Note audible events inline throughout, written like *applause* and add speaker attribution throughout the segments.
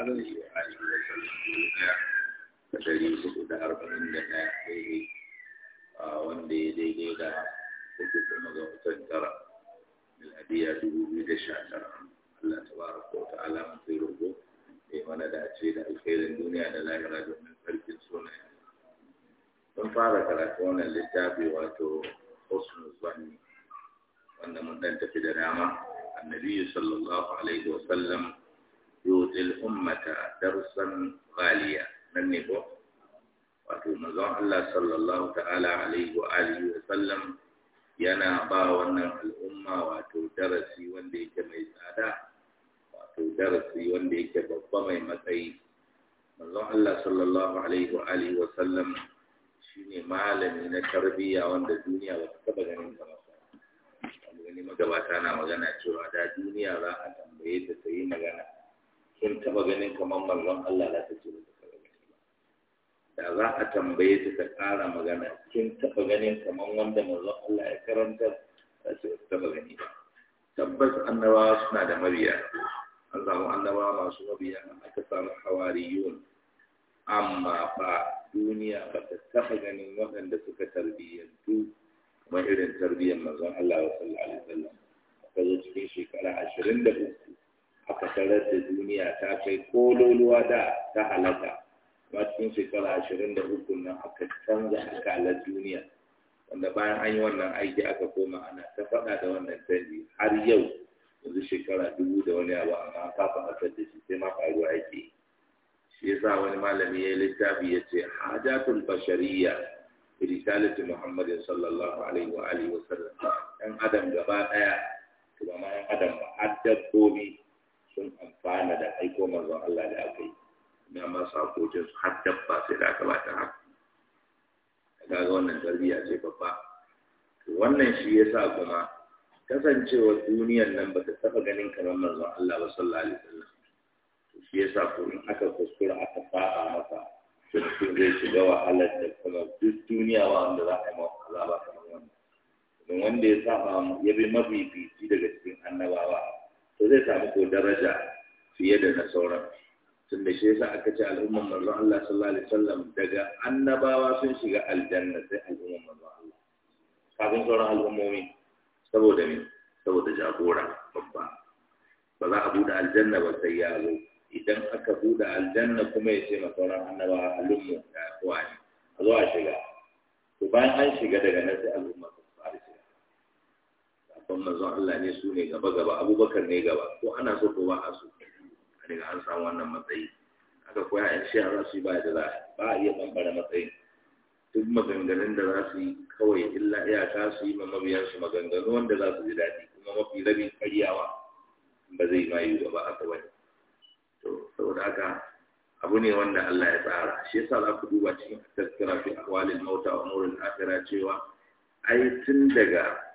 Speaker 1: alaihi wa alihi wa sallam da ɗari hudu da arba'in da ɗaya daidai wanda ya daidai da hudu da magawatan tara miladiya dubu biyu da sha tara Allah ta bara ko ta mun sai rogo ya mana dace da alkhairin duniya da lahira domin sarkin sunayen mun fara karatu wannan littafi wato wanda mun dan tafi da dama annabi sallallahu alaihi wa sallam يؤتي الأمة nan ne ko wato manzo Allah sallallahu ta'ala alaihi wa alihi wa sallam yana ba wannan al'umma wato darasi wanda yake mai tsada wato darasi wanda yake babba mai matsayi manzo Allah sallallahu alaihi wa alihi wa sallam shine malami na tarbiyya wanda duniya ba ta taba ganin sa ba wani magabata na magana cewa da duniya za a tambaye ta ta yi magana kin taba ganin kamar mallon Allah la ta ce da za a tambaye ta ta ƙara magana kin taba ganin kamar wanda mallon Allah ya karanta da ta taba gani ba tabbas annabawa suna da mabiya an annaba annabawa masu mabiya aka samu hawariyun amma fa duniya ba ta taba ganin waɗanda suka tarbiyyantu kamar irin tarbiyyar manzon Allah wa sallallahu alaihi wasallam aka cikin shekara ashirin da uku aka da duniya ta kai kololuwa da ta halaka ba cikin shekara ashirin da uku nan aka canza akalar duniya wanda bayan an yi wannan aiki aka koma ana ta faɗa da wannan canji har yau yanzu shekara dubu da wani abu amma an kafa hasar sai ma faru aiki. shi yasa wani malami ya yi littafi ya ce hajatul bashariya irisalatu muhammadin sallallahu alaihi wa alihi wa sallam ɗan adam gaba ɗaya kuma ma ɗan adam ba har dabbobi sun amfana da aiko manzon Allah da aka yi na masu hakokin su har dabba sai da aka bata haka ga wannan tarbiyya ce babba wannan shi yasa kuma kasancewar duniyar nan ba ta taba ganin kamar manzon Allah ba sallallahu alaihi wasallam shi yasa ko in aka kuskura aka maka masa mutum zai shiga wahalar da kuma duk duniya wanda za a yi masa azaba kamar wannan wanda ya saba ya bi mafifici daga cikin annabawa to zai samu ko daraja fiye da na sauran tun da shi yasa aka ce al'umman manzon Allah sallallahu alaihi wasallam daga annabawa sun shiga aljanna sai al'umman manzon Allah kafin sauran al'ummomi saboda ne saboda jagora babba ba za a buɗe aljanna ba sai ya zo idan aka buɗe aljanna kuma ya ce ma sauran annabawa al'ummu da wani a zo a shiga to bayan an shiga daga nan sai al'ummar. kuma manzon Allah ne su ne gaba gaba abubakar ne gaba ko ana so ko ba a so daga an samu wannan matsayi aka koya yan shi za su yi ba da ba a iya bambara matsayi. duk maganganun da za su yi kawai illa ta su yi ma su, maganganu wanda za su ji daɗi kuma mafi rabin karyawa ba zai ma yi ba aka bane to saboda haka abu ne wanda Allah ya tsara shi yasa za ku duba cikin tazkira fi ahwalil mauta wa umuril akhirah cewa ai tun daga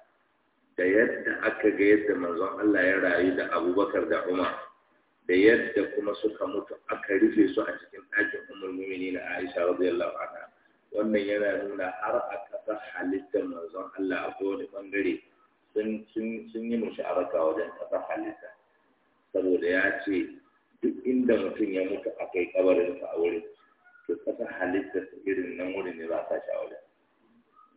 Speaker 1: da yadda aka ga yadda manzon Allah ya rayu da abubakar da umar da yadda kuma suka mutu aka rufe su a cikin ɗakin umar mumini na aisha radiyallahu anha wannan yana nuna har a kasa halittar manzon Allah a kowane bangare sun yi mushi araka wajen kasa halitta saboda ya ce duk inda mutum ya mutu a kai kabarin sa a wurin to kasa halitta irin nan wurin ne ba sa shi wurin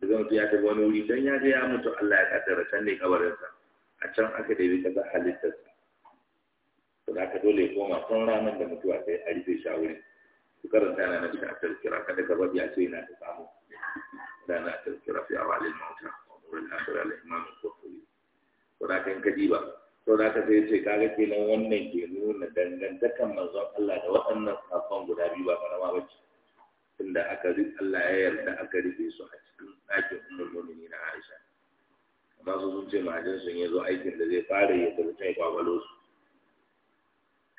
Speaker 1: da zama ya tafi wani wuri don ya je ya mutu Allah ya kaddara can ne kabarinsa a can aka ta kasa halittarsa to da aka dole ya koma tun ranar da mutuwa sai a rufe shi a su karanta na nufi a tarkira kada ka babi a ce yana da samu da na tarkira fi awalin mauta wurin asirar al'imamin kofuri ko da aka kaji ba to da aka sai ce kaga kenan wannan ke nuna dangantakan manzon Allah da waɗannan safon guda biyu ba karama ba ce tunda aka Allah ya yarda aka rufe su a ɗakin umar mumini na aisha amma su sun ce mahajin sun yi zo aikin da zai fara ya tafi ta ya kwakwalo su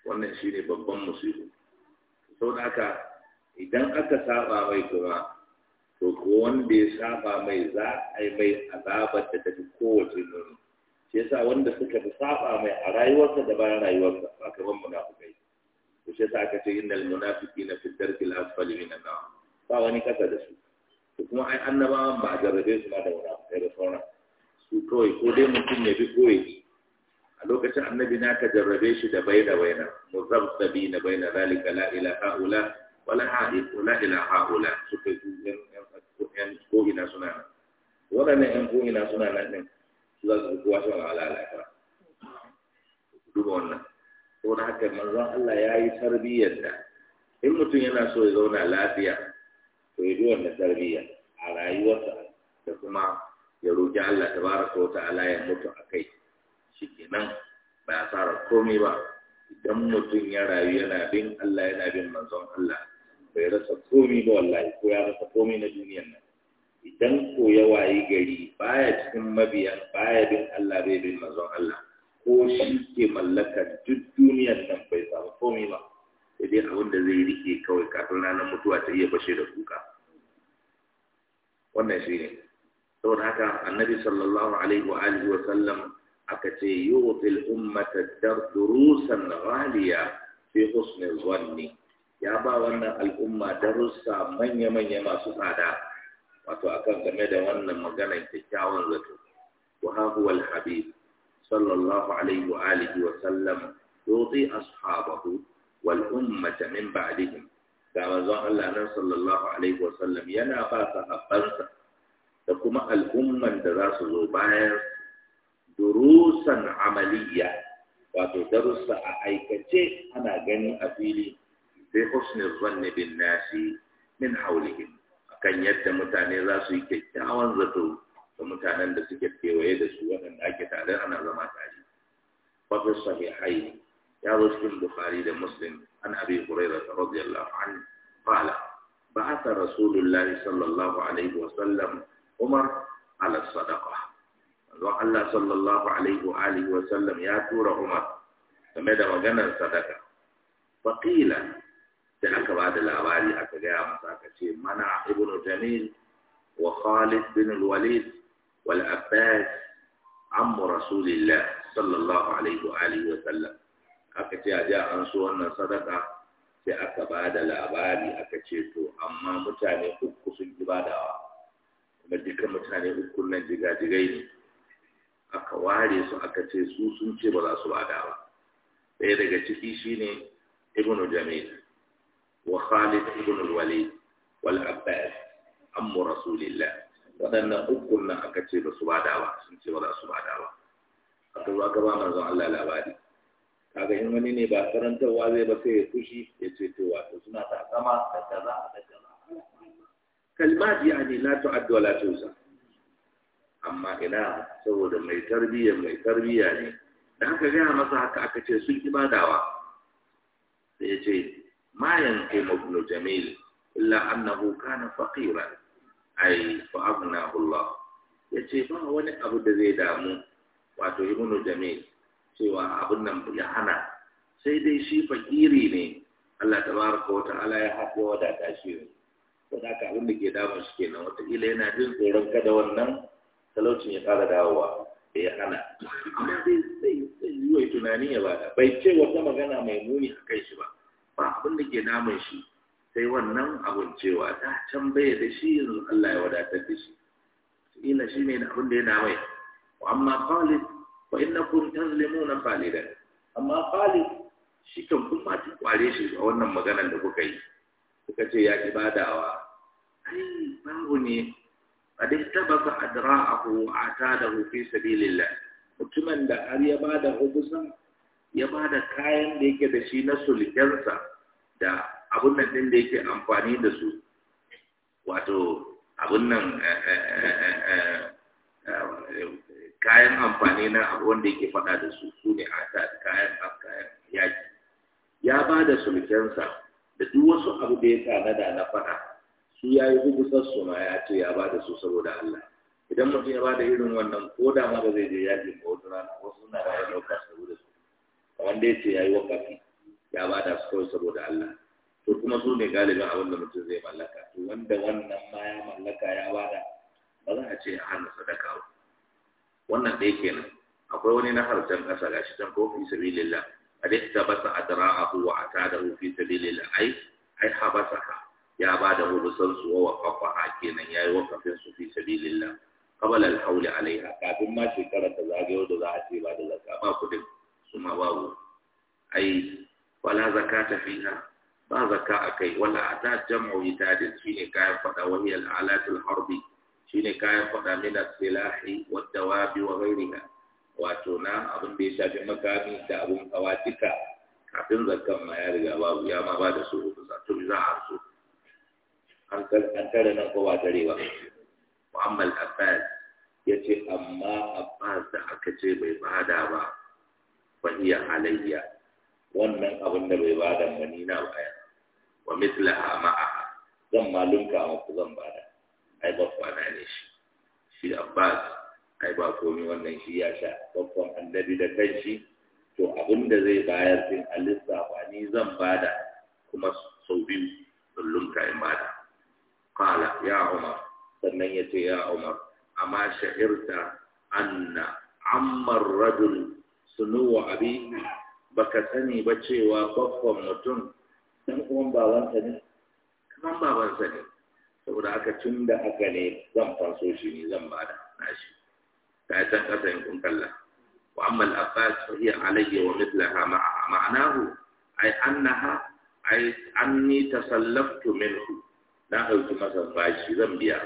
Speaker 1: wannan shi ne babban musibu sau da haka idan aka saba mai kuma to ko wanda ya saba mai za a yi mai azabar da tafi kowace nuni shi yasa wanda suka fi saba mai a rayuwarsa da bayan rayuwarsa ba kamar munafukai to shi yasa aka ce innal munafiqina fi darkil asfali minan nar ba wani kasa da su su kuma ai annabawan ba a jarrabe su ba da munafukai da sauran su kawai ko dai mutum ya bi koyi a lokacin annabi na ka jarrabe shi da bai da baina muzabzabi na baina zalika la ilaha illa wala ha'ula ila ha'ula suka yi yan ina suna nan waɗannan yan ina suna nan din su za su kuwa shi shan wahala lafiya duba wannan saboda haka manzon Allah ya yi tarbiyyar da in mutum yana so ya zauna lafiya to na bi tarbiyya a rayuwarsa da kuma ya roƙi Allah tabaraka wa ta'ala ya mutu a kai nan ba ya tsara komai ba idan mutum ya rayu yana bin Allah yana bin manzon Allah bai rasa komai ba wallahi ko ya rasa komai na duniyar nan idan ko ya wayi gari baya cikin mabiya, baya bin Allah bai bin manzon Allah ko shi ke mallakar duk duniyar nan bai samu komai ba sai dai abin da zai rike kawai kafin ranar mutuwa ta iya bashe da kuka wannan shi ne saboda haka annabi sallallahu alaihi wa alihi wa sallam aka ce yu'til ummata darusan ghaliya fi husni zanni ya ba wannan al'umma darussa manya-manya masu tsada wato akan game da wannan maganar kyakkyawan zato wa huwa al-habib sallallahu alaihi wa alihi wa sallam yu'ti ashabahu wal ummata min ba'dihim ga manzon Allah nan sallallahu alaihi wasallam yana ba sahabbansa da kuma al'umman da za su zo bayan durusan amaliya wato darussa a aikace ana gani a fili sai husnul zanni bin nasi min haulihim akan yadda mutane za su yi kyakkyawan zato da mutanen da suke kewaye da su waɗanda ake tare ana zama tare wato sahihai ya zo cikin bukhari da muslim عن أبي هريرة رضي الله عنه قال بعث رسول الله صلى الله عليه وسلم عمر على الصدقة وقال صلى الله عليه وآله وسلم يا تور عمر فماذا وجنا الصدقة فقيل ذلك بعد الأوالي أتجاه مساكشي منع ابن جميل وخالد بن الوليد والعباس عم رسول الله صلى الله عليه وآله وسلم aka ce a ji an so wannan sadaka sai aka ba da labari aka ce to amma mutane uku sun ki badawa kuma duka mutane uku nan jigajigai ne aka ware su aka ce su sun ce ba za su bada ba ɗaya daga ciki shine ibnu jamil wa khalid ibnu walid wal abbas ammu rasulillah waɗannan uku nan aka ce ba su bada ba sun ce ba za su bada ba aka zo aka ba manzon Allah labari kaga in wani ne ba karantarwa zai ba sai ya fushi ya ce to wato suna takama da kaza da kaza kalmat yani la tu'addu la tuhsa amma ina saboda mai tarbiyya mai tarbiyya ne da aka gaya masa haka aka ce sun ibadawa sai ya ce ma yanqumu ibn jamil illa annahu kana A ai fa aghnahu Allah ce ba wani abu da zai damu wato ibnu jamil cewa abin nan ya hana sai dai shi fakiri ne Allah tabaraka wa ta'ala ya wa da shi ne don haka abin da ke damun shi kenan wataƙila yana jin tsoron kada wannan talaucin ya fara dawowa da ya hana amma zai zai yi wa tunani ya bada bai ce wata magana mai muni a kai shi ba ba abin da ke damun shi sai wannan abin cewa ta can baya da shi yanzu Allah ya wadatar da shi ila shi ne abin da ya damai amma Khalid wa kun tazlimuna khalidan amma khalid shi kan kun ma kware shi a wannan maganar da kuka yi kuka ce ya ibadawa badawa ai babu ne A qad tabaka adra'ahu wa atadahu fi sabilillah mutumin da har ya bada hubusan ya bada kayan da yake da shi na sulkensa da abun nan din da yake amfani da su wato abun nan kayan amfani na abu wanda yake faɗa da su su ne ata kayan kayan yaki ya ba da sulkensa da duk wasu abu da ya sa na faɗa su ya yi gugusar sassu ma ya ce ya ba da su saboda Allah idan mutum ya ba da irin wannan ko da ma ba zai je yaki ba wasu rana wasu suna da saboda su kamar da ya ce ya yi wakafi ya ba da su kawai saboda Allah to kuma su ne galibin abin da mutum zai mallaka to wanda wannan ma ya mallaka ya ba da ba za a ce a hannu sadaka ba wannan ɗaya kenan akwai wani na harshen ƙasa ga shi can ko fi sabilillah a tabasa adra'ahu wa atadahu fi sabilillah ai ai habasaha ya ba da hulusan su wa waqafaha kenan yayi waqafin su fi sabilillah qabla al alaiha kafin ma shekara ta zagayo da za a ce ba da zakka ba kudin su ma babu ai wala zakata na, ba a akai wala ata jam'u itadin shine kayan faɗa wahiyal alatul harbi shine kayan faɗa mina silahi wa wabi wa ghairiha wato na abin da ya shafi makami da abin hawa kafin zakan ma ya riga babu ya ma ba da su hudu za to za a so an tare nan ko ba tare ba Muhammad abbas ya ce amma abbas da aka ce bai bada ba fahiya halayya wannan abin da bai bada ba ni na baya wa mislaha ma'a. zan malunka ku zan bada ai ana ne shi shi abbas ai ba komi wannan shi ya sha babban annabi da kan shi to abin da zai bayar din a ba ni zan bada kuma sau biyu kullum ka yi mata. qala ya umar sannan yace ya umar amma sha'irta anna ammar rajul sunuwa abi baka sani ba cewa babban mutum dan uwan babansa ne kaman babansa ne saboda haka tun da aka ne zan faso shi ne zan ba da nashi ta yi can kasa yin kunkalla wa amma al-abbas fa hiya alayya wa mithlaha ma'a ma'anahu ay annaha ay anni tasallaftu minhu na ɗauki masa bashi zan biya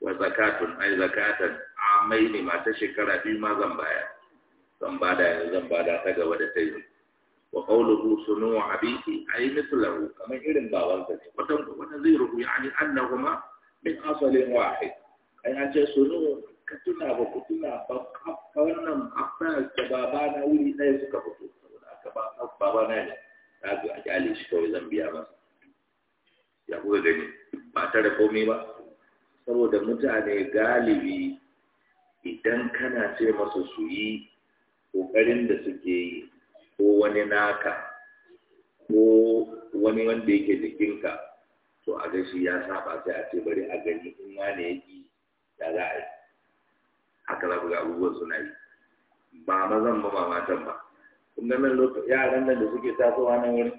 Speaker 1: wa zakatun ay zakatan amaini ma ta shekara biyu ma zan baya zan bada yanzu zan bada ta gaba da ta yi wa qawluhu sunu abihi ay mithluhu kamar irin baban ne watan wata zai rubu yani annahuma min asalin wahid ai an ce sunu ka tuna ba ku tuna ba ka wannan abbas da baba na wuri ɗaya suka fito saboda aka ba baba na ne ta ga jali shi kawai zan biya ba ya kuka gani ba tare komai ba saboda mutane galibi idan kana ce masa su yi ƙoƙarin da suke yi ko wani naka ko wani wanda yake jikinka to a ga shi ya saba sai a ce bari a gani in ma ne yake da za a yi haka za ku ga abubuwan suna yi ba mazan ba ba matan ba kun ga nan yaran nan da suke tasowa nan wani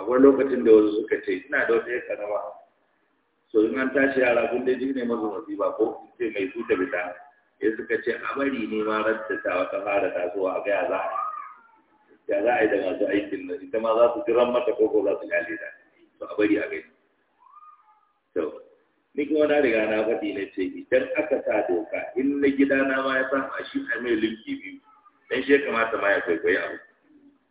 Speaker 1: akwai lokacin da wasu suka ce ina da wata yaka ba so in an tashi yara kun dai mazu masu ba, ko ce mai tuta bita ya suka ce a bari ne ma rantata wata fara tasowa a gaya za a yi ya za a yi da masu aikin nan ita ma za su jiran mata koko za su gane da to a bari a gani to ni kuma na riga na faɗi na ce idan aka sa doka in na gida na ma ya samu a shi a mai limki biyu dan shi ya kamata ma ya kwaikwayi abu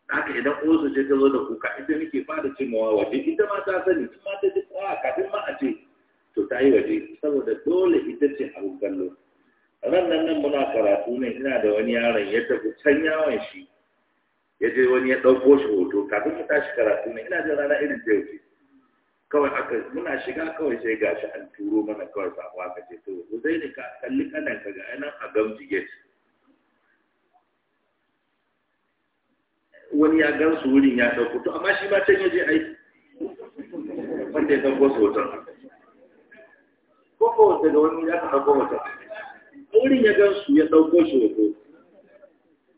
Speaker 1: haka idan su ce ta zo da kuka ita nake fara cin mawa waje ita ma ta sani in ma ta ji tsawa kafin ma a ce to ta yi waje saboda dole ita ce abu kallo ran nan nan muna karatu ne ina da wani yaron ya tafi can yawon shi ya je wani ya ɗauko shi hoto kafin mu tashi karatu ne ina jin rana irin ta yauce kawai aka muna shiga kawai sai gashi an turo mana kawai sako ka ce to ku zai ne ka kalli kanan ka ga ainihin a gamji gate wani ya gan su wurin ya ɗauko to amma shi ma can ya je aiki wanda ya ɗauko su hoton ko ko wata ga wani ya ka ɗauko hoton wurin ya gan su ya ɗauko shi hoto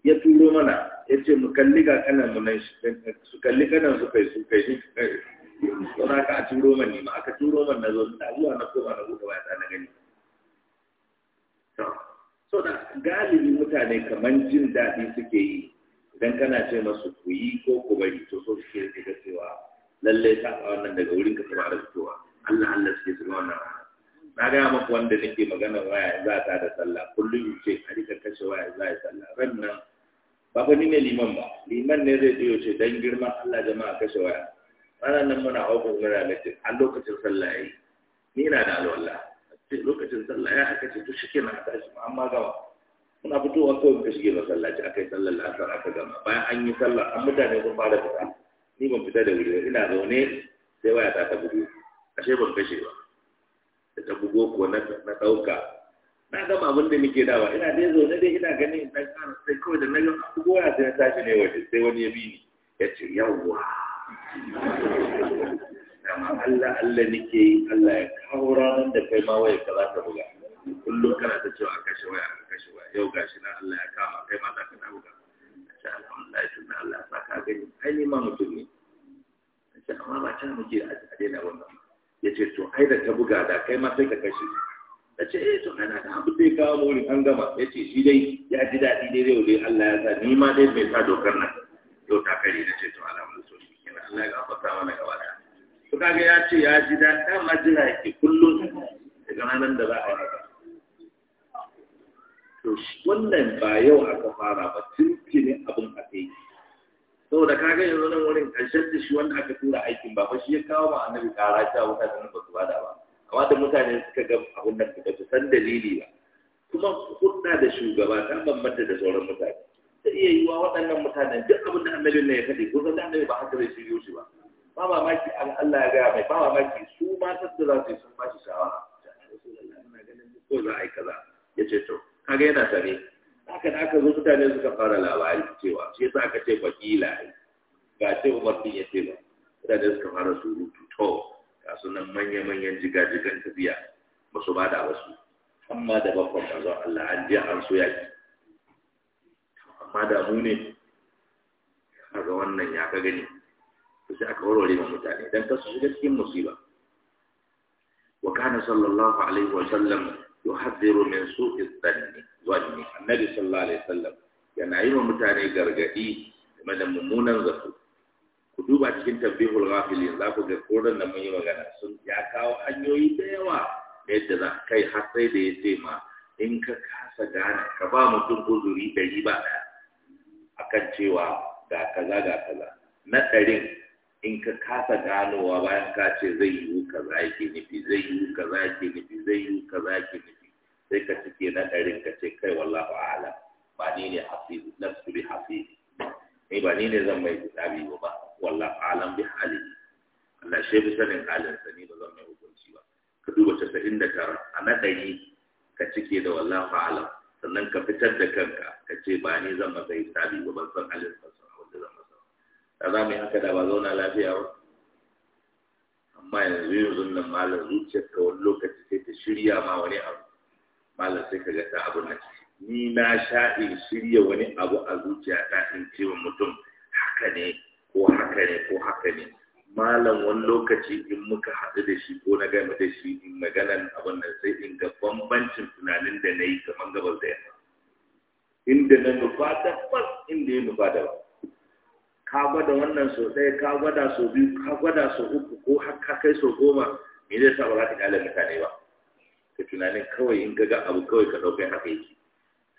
Speaker 1: ya turo mana ya ce mu kalli ga kanan mu nan su kalli kanan su kai su kai shi to na ka a turo ne ma aka turo man na zo na zuwa na koma na buɗe wata na gani so da galibi mutane kamar jin daɗi suke yi idan kana ce masu ku yi ko ku bari to so suke daga cewa lallai ta a wannan daga wurin ka saba da fitowa Allah Allah suke su wannan na gaya maku wanda nake magana waya za ta da sallah kullum ce a rika kashe waya za a yi sallah ran nan ba fa ni ne liman ba liman ne zai tsayo ce dan girman Allah jama'a kashe waya ana nan muna ofin mura mutum a lokacin sallah yayi ni na da alwala lokacin sallah ya aka ce to shi kenan aka shi amma gawa muna fitowa kawai muka shige aka yi sallar la'asar aka gama bayan an yi sallah an mutane sun fara fita ni ban fita da wuri ina zaune sai waya ta ta bugu ashe ban kashe ba da ta bugo ko na ɗauka na gama abin da nake dawa ina dai zaune dai ina ganin in dan kana sai kawai da na ga goya sai na tashi ne waje sai wani ya bi ni ya ce yawwa amma Allah Allah nake yi Allah ya kawo ranar da kai ma waya ka za ta buga kullum kana ta cewa a kashe waya a kashe waya yau gashi na Allah ya kama kai ma za ka na buga ce Allah ya tuna Allah ya sa ka gani ai ni ma mutum ne ce amma ba ta muke a daina wannan ya ce to ai da ta buga da kai ma sai ka kashe eh to kana da abin dai ya kawo mu wurin an gama ya ce shi dai ya ji daɗi dai zai wuri Allah ya sa ni ma dai bai sa dokar nan yau ta kare na ce to alamun so shi kenan Allah ya gafarta mana gaba da to kaga ya ce ya ji daɗi dama jira yake kullun daga ranar da za a yi to wannan ba yau aka fara ba tuntuni abin a kai saboda kaga yanzu nan wurin ƙarshen da shi wanda aka tura aikin ba fa shi ya kawo ma annabi ƙara ta wuta da Gracias. alaihi wa sallam yuhadhiru min su'i dhanni zanni annabi sallallahu alaihi wa sallam yana yi wa mutane gargadi game da mummunan zato ku duba cikin tabbihul ghafilin za ku ga koran da mun yi magana sun ya kawo hanyoyi da yawa da yadda za kai har sai da ya ce ma in ka kasa gane ka ba mutum guzuri ɗari ba ɗaya akan cewa ga kaza ga kaza na ɗarin in ka kasa ganowa bayan ka ce zai yiwu kaza yake nufi zai yiwu kaza yake nufi za ki nufi sai ka cike na ɗarin ka ce kai wallahu ala ba ni ne hafiz nafsu bi hafiz ni eh, ba ni ne zan mai hisabi ba ba wallahu a'lam bi halihi Allah shi bi sanin halin sa ni ba zan mai hukunci ba ka duba da tara, a na ɗari ka cike da wallahu a'lam sannan ka fitar da kanka ka ce ba ni zan masa hisabi ba ban san halin sa wanda zan masa da za mu yi haka da ba zauna lafiya ba amma yanzu yanzu nan malam zuciyar ka wani lokaci ta shirya ma wani abu malam sai kaga ta abun nan ni na sha in shirya wani abu a zuciya ta in ce wa mutum haka ne ko haka ne ko haka ne malam wani lokaci in muka haɗu da shi ko na gama da shi in maganan abin nan sai in ga bambancin tunanin da na yi kamar gabas da yamma inda na nufa tabbas inda ya nufa da ka gwada wannan sau ɗaya ka gwada sau biyu ka gwada sau uku ko har ka kai sau goma me zai sa ba za ka ƙyale mutane ba ka tunanin kawai in ka ga abu kawai ka ɗauka haka yake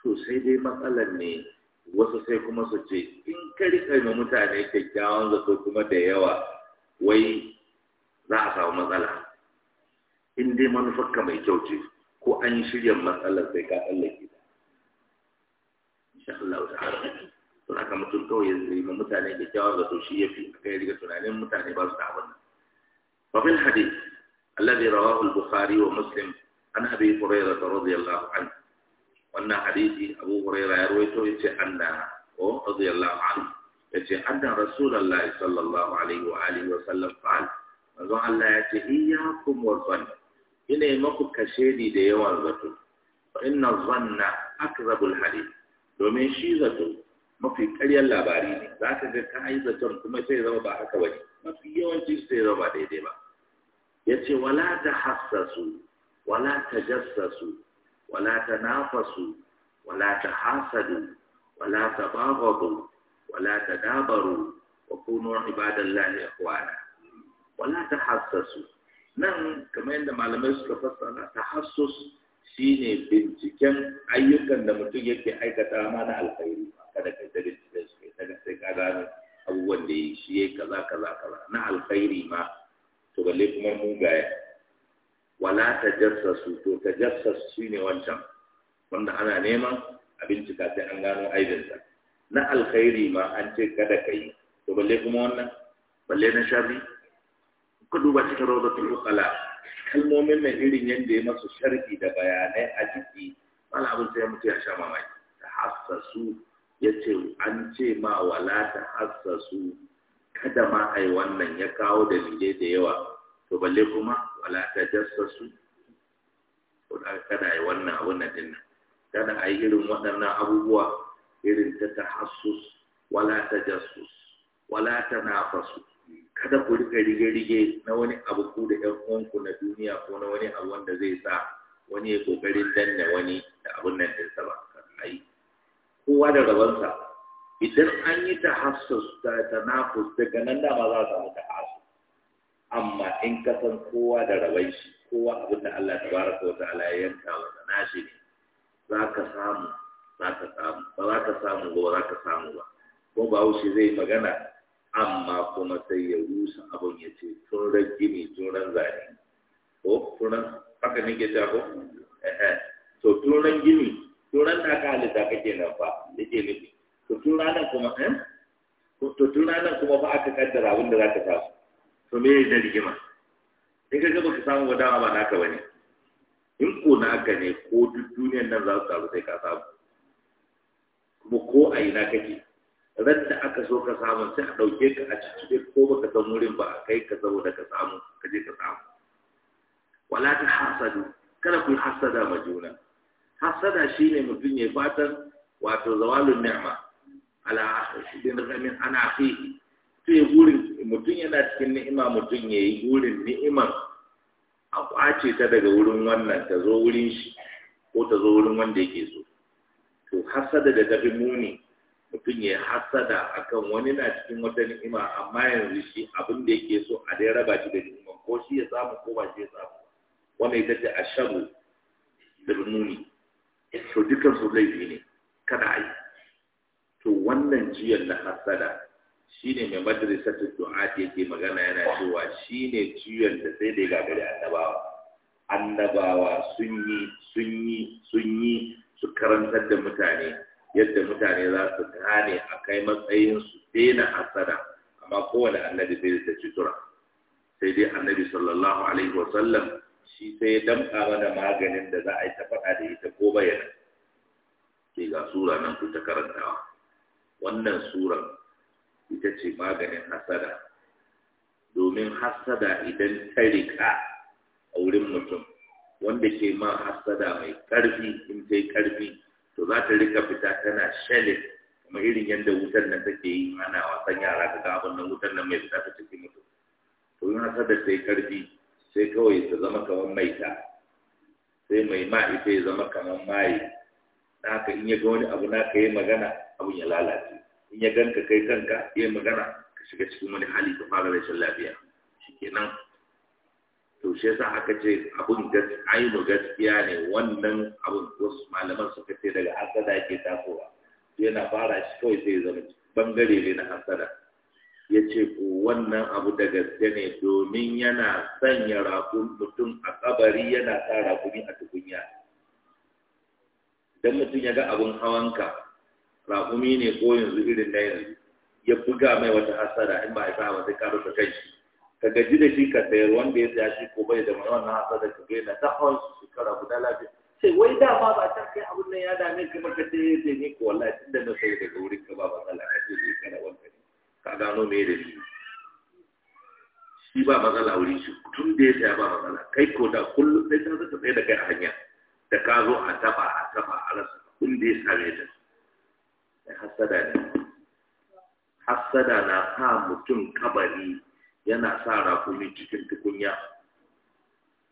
Speaker 1: to sai dai matsalar ne wasu sai kuma su ce in ka rika ma mutane kyakkyawan zato kuma da yawa wai za a samu matsala in dai manufarka mai kyau ce ko an yi shirya matsalar sai ka tsallake ta insha Allah ta'ala to haka mutum kawai ya zai ma mutane kyakkyawan zato shi ya fi kai riga tunanin mutane ba su da abin. Babin hadith al-Bukhari wa ومسلم an abi hurairah radiyallahu anhu wannan hadisi abu hurairah ya rawaito yace anna ko radiyallahu anhu yace anna rasulullahi sallallahu alaihi wa alihi wa sallam qala manzo Allah yace iyyakum wa dhann ina maku ni da yawan zato fa inna zanna akdhabul hadith domin shi zato mafi ƙaryar labari ne za ka ga ka yi zaton kuma sai zama ba haka ba ne mafi yawanci sai zama daidai ba ya ce wala ta hassasu wala tajassasu wala تنافسوا wala tahasadu wala تباغضوا wala tadabaru وكونوا عباد الله اخوانا wala تحسسوا nan كما yadda malamai suka fassara tahassus shine binciken ayyukan da mutum yake aikata na alkhairi kada kai da binciken su kai ta sai ka gano abubuwan da shi yayi kaza kaza kaza na alkhairi ma to balle kuma ga wala ta jassasu to ta jassasu shi ne wancan wanda ana neman a bincika sai an gano aibinsa na alkhairi ma an ce kada ka yi to balle kuma wannan balle na sharri ku duba cikin rawdatul uqala kalmomin nan irin yadda ya masu sharhi da bayanai a jiki wala abin sai mutu ya sha mamaki ta hassasu ya ce an ce ma wala ta hassasu kada ma ai wannan ya kawo dalilai da yawa to balle kuma wala ta su, ko kada ai wannan abun nan din kada ai irin waɗannan abubuwa irin ta tahassus wala ta jassus wala tanafasu kada ku riga rige-rige na wani abu ku da ƴan uwanku na duniya ko na wani abu wanda zai sa wani ya kokarin danna wani da abun nan din sa ba ai kowa da rabansa idan an yi tahassus da tanafus daga nan dama za a samu tahassus amma in ka san kowa da rabai shi kowa abin da Allah tabaraka wa ta'ala ya yanka wa na shi ne za ka samu za ka samu ba za ka samu ba za ka samu ba ko ba wuce zai magana amma kuma sai ya rusa abin ya ce tun ran gini tun ran zane ko tun ran haka nake ta ko to tun ran gini tun ran da ka halitta kake nan fa nake nufi to tun kuma eh to tun kuma fa aka kaddara abin da za ka samu to me ya rigima sai ka gaba ka samu wadama ba naka bane in ko naka ne ko duk duniyar nan za su samu sai ka samu kuma ko a ina kake radda aka so ka samu sai a ɗauke ka a cikin ko baka san wurin ba a kai ka saboda ka samu ka je ka samu wala ta hasadu kada ku hasada ma juna hasada ne mutum ya fatan wato zawalun ni'ma ala bin ramin ana fi sai gurin mutum yana cikin ni'ima mutum ya yi gurin ni'imar a kwace ta daga wurin wannan ta zo wurin shi ko ta zo wurin wanda yake so to hasada da tafi muni mutum ya hasada akan wani na cikin wata ni'ima amma yanzu shi abin da yake so a dai raba shi da ni'imar ko shi ya samu ko ba shi ya samu wannan ita ce ashabu da muni to dukkan su laifi ne kada ai to wannan jiyan na hasada shine mai madrasatul du'a yake magana yana cewa shine ciwon da sai da gagari annabawa annabawa sun yi sun yi sun yi su karantar da mutane yadda mutane za su gane a kai matsayin su daina hasada amma kowane annabi sai da cutura sai dai annabi sallallahu alaihi wa sallam shi sai ya damƙa mana maganin da za a yi ta faɗa da ita ko bayanan sai ga sura nan ku ta karantawa wannan suran ita ce maganin hasada domin hasada idan ta rika a wurin mutum wanda ke ma hasada mai ƙarfi in ta yi ƙarfi to za ta rika fita tana shalin kuma irin yadda wutar nan take yi ana wasan yara ga abin nan wutar nan mai fita ta cikin mutum to in hasada ta yi ƙarfi sai kawai ta zama kamar maita sai mai ma ita ya zama kamar maye haka in ya ga wani abu na ka yi magana abin ya lalace in ya ganka kai kanka ya magana ka shiga cikin wani hali ka fara rashin lafiya shikenan to shi yasa aka ce abun ainu gaskiya ne wannan abun wasu malaman suka ce daga hasada ke tasowa yana fara shi kawai sai zama bangare ne na hasada ya ce wannan abu da gaske ne domin yana sanya rakun mutum a kabari yana sa rakuni a tukunya Idan mutum ya ga abun hawanka raƙumi ne ko yanzu irin na yanzu ya buga mai wata hasara in ba ya sa wata karo ta kai shi ka gaji da shi ka sayar wanda ya saya shi ko bai da wannan hasara ka ga na tsawon shekara guda lafiya sai wai da ma ba ta kai abin nan ya dame ka maka ce ya eh, ce ni ko wallahi da na sai daga wurin ka ba matsala ka ce zai kana wanda ka gano me da shi shi ba matsala wurin shi tun da ya saya ba matsala kai ko da kullum sai ta zata tsaye da kai a hanya da ka zo a taba a taba a rasa kun da ya same ta hasada ne hasada na sa mutum kabari yana sa rakumi cikin tukunya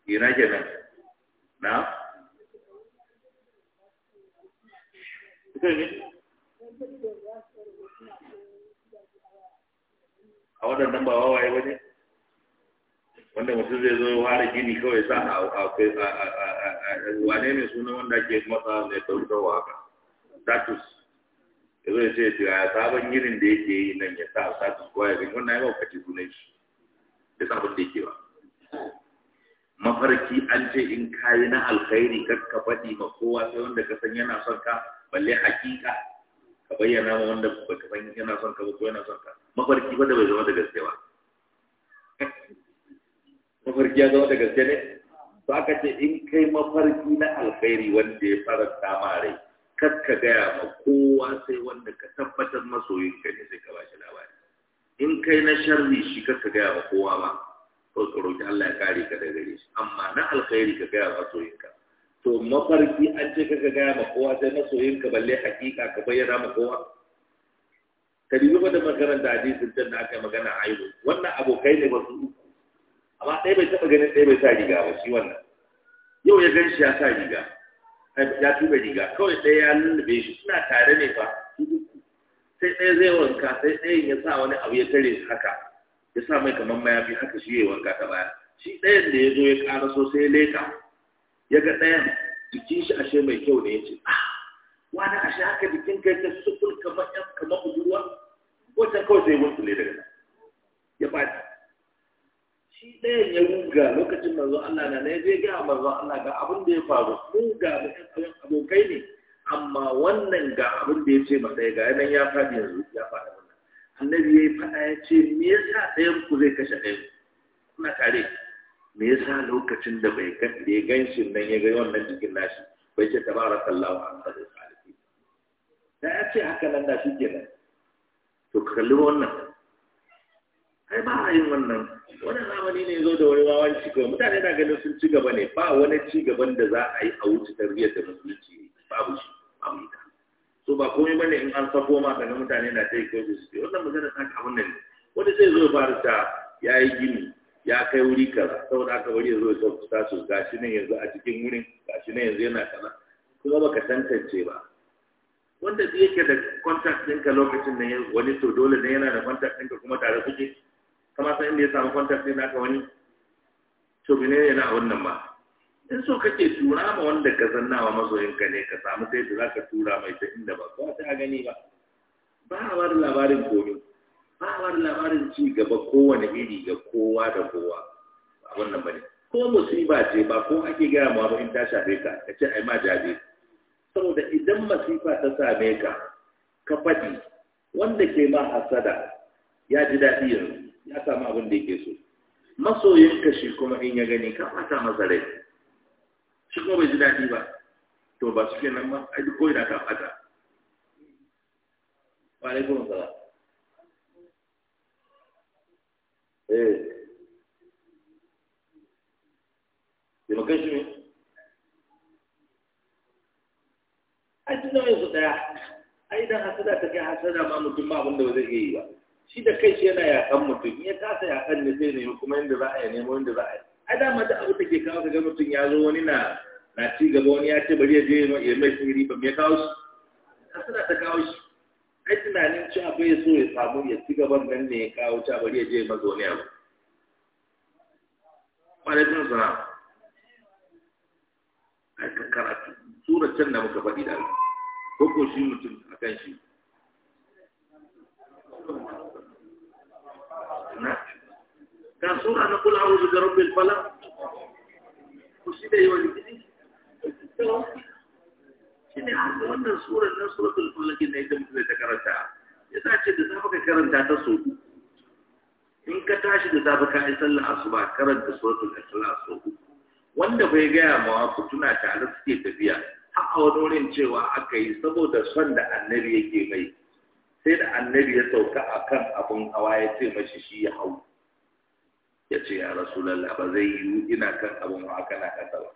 Speaker 1: ina kenan na a waɗannan ba wawaye wani wanda mutum zai zo ware gini kawai sa a wane ne sunan wanda ke masa mai ɗaukarwa haka status ya zo ce ya sabon yirin da yake yi nan ya sa sa kowa ya gani wannan ya maukaci sunan shi da sabon da yake ba mafarki an ce in kayi na alkhairi kar ka faɗi ma kowa sai wanda ka san yana son ka balle hakika ka bayyana ma wanda ba ka san yana son ka ba ko yana son ka mafarki ba da bai zama da gaske ba mafarki ya zama da gaske ne to aka ce in kai mafarki na alkhairi wanda ya faranta ma rai kakka gaya ma kowa sai wanda ka tabbatar masoyinka ne sai ka ba shi labari in kai na sharri shi kakka gaya ma kowa ba to ka roki Allah ya kare ka daga gare shi amma na alkhairi ka gaya masoyinka to mafarki an ce kakka gaya ma kowa sai masoyinka balle hakika ka bayyana ma kowa ka dubi da makaranta hadisin can da aka yi magana a yau wannan abokai ne wasu uku amma ɗaya bai taɓa ganin ɗaya bai sa riga ba shi wannan yau ya gan shi ya sa riga ya tuba riga kawai ɗaya ya lullube shi suna tare ne fa sai ɗaya zai wanka sai ɗayan ya sa wani abu ya tare haka ya sa mai kamar mayafi haka shi ya wanka ta baya shi ɗayan da ya zo ya ƙara so sai leka ya ga ɗayan jikin shi ashe mai kyau ne ya ce ah wani ashe haka jikin kai ta sukul kamar yan kamar budurwa wata kawai sai ne daga nan ya ɓaci shi ɗaya ya ruga lokacin manzo Allah na ne zai gaya manzo Allah ga abin da ya faru mun ga mutum abokai ne amma wannan ga abin da ya ce masa ya ga nan ya faɗi yanzu ya faɗi wannan annabi ya yi faɗa ya ce me yasa ɗayan ku zai kashe ɗayan kuna tare me yasa lokacin da bai ga da ya gan nan ya ga wannan jikin nashi bai ce tabarakallahu an sadu salihin da ya ce haka nan da shi kenan to kalli wannan ai ba a yin wannan wannan zamani ne zo da wani wawan cigaba mutane na ganin sun ci gaba ne ba wani ci gaban da za a yi a wuce tarbiyyar da musulunci babu shi a mulka so ba komai bane in an sako ma daga mutane na ta yi kai su wannan magana ta ka wannan ne wani zai zo fara ta ya yi gini ya kai wuri kaza saboda aka bari ya zo ya ta su gashi nan yanzu a cikin wurin gashi nan yanzu yana kaza kuma baka tantance ba wanda yake da contact ɗinka lokacin da wani to dole ne yana da contact ɗinka kuma tare kuke kamar san inda ya samu kwantar sai naka wani to mene ne na wannan ma in so kake tura ma wanda ka zannawa mazoyinka ne ka samu sai da zaka tura mai ta inda ba ba ta gani ba ba a bar labarin komi ba a bar labarin ci gaba kowane iri ga kowa da kowa a wannan bane ko musiba ce ba ko ake gaya ma ba in ta shafe ka ka ce ai ma jabe saboda idan masifa ta same ka ka faɗi wanda ke ma hasada ya ji daɗi yanzu ya samu abin da yake so masoyin ka shi kuma in ya gani ka fata masa rai shi kuma bai ji daɗi ba to ba su nan ba a duk koyi da ka fata wa alaikum salam eh da makan shi ne ai tun da mai su ɗaya ai dan hasada ta kai hasada ma mutum ba abin da ba zai iya yi ba shi da kai shi yana yakan mutum ya kasa yakan ne zai nemi kuma yadda za a yi nemo yadda za a yi ai dama da abu take kawo ga mutum ya zo wani na na ci gaba wani ya ce bari ya je ya mai sirri ba mai kawo shi suna ta kawo shi ai tunanin cewa bai so ya samu ya ci gaban nan ne ya kawo cewa bari ya je ya mazo ne abu kwanakin suna ai karatu surar can da muka faɗi da ko ko shi mutum a kan shi ga sura na kula wuzu da rabbil fala ko shi da yawan gidi shi ne haka wannan surar na suratul falaki na ita mutum ta karanta ya sa ce da safe ka karanta ta so in ka tashi da safe ka yi sallah asuba karanta suratul ikhlas so wanda bai gaya mawa ku tuna tare suke tafiya har a wani wurin cewa aka yi saboda son da annabi yake mai sai da annabi ya sauka a kan abin hawa ya ce mashi shi ya hau ya ce ya rasulallah ba zai yiwu ina kan abin ma na kasa ba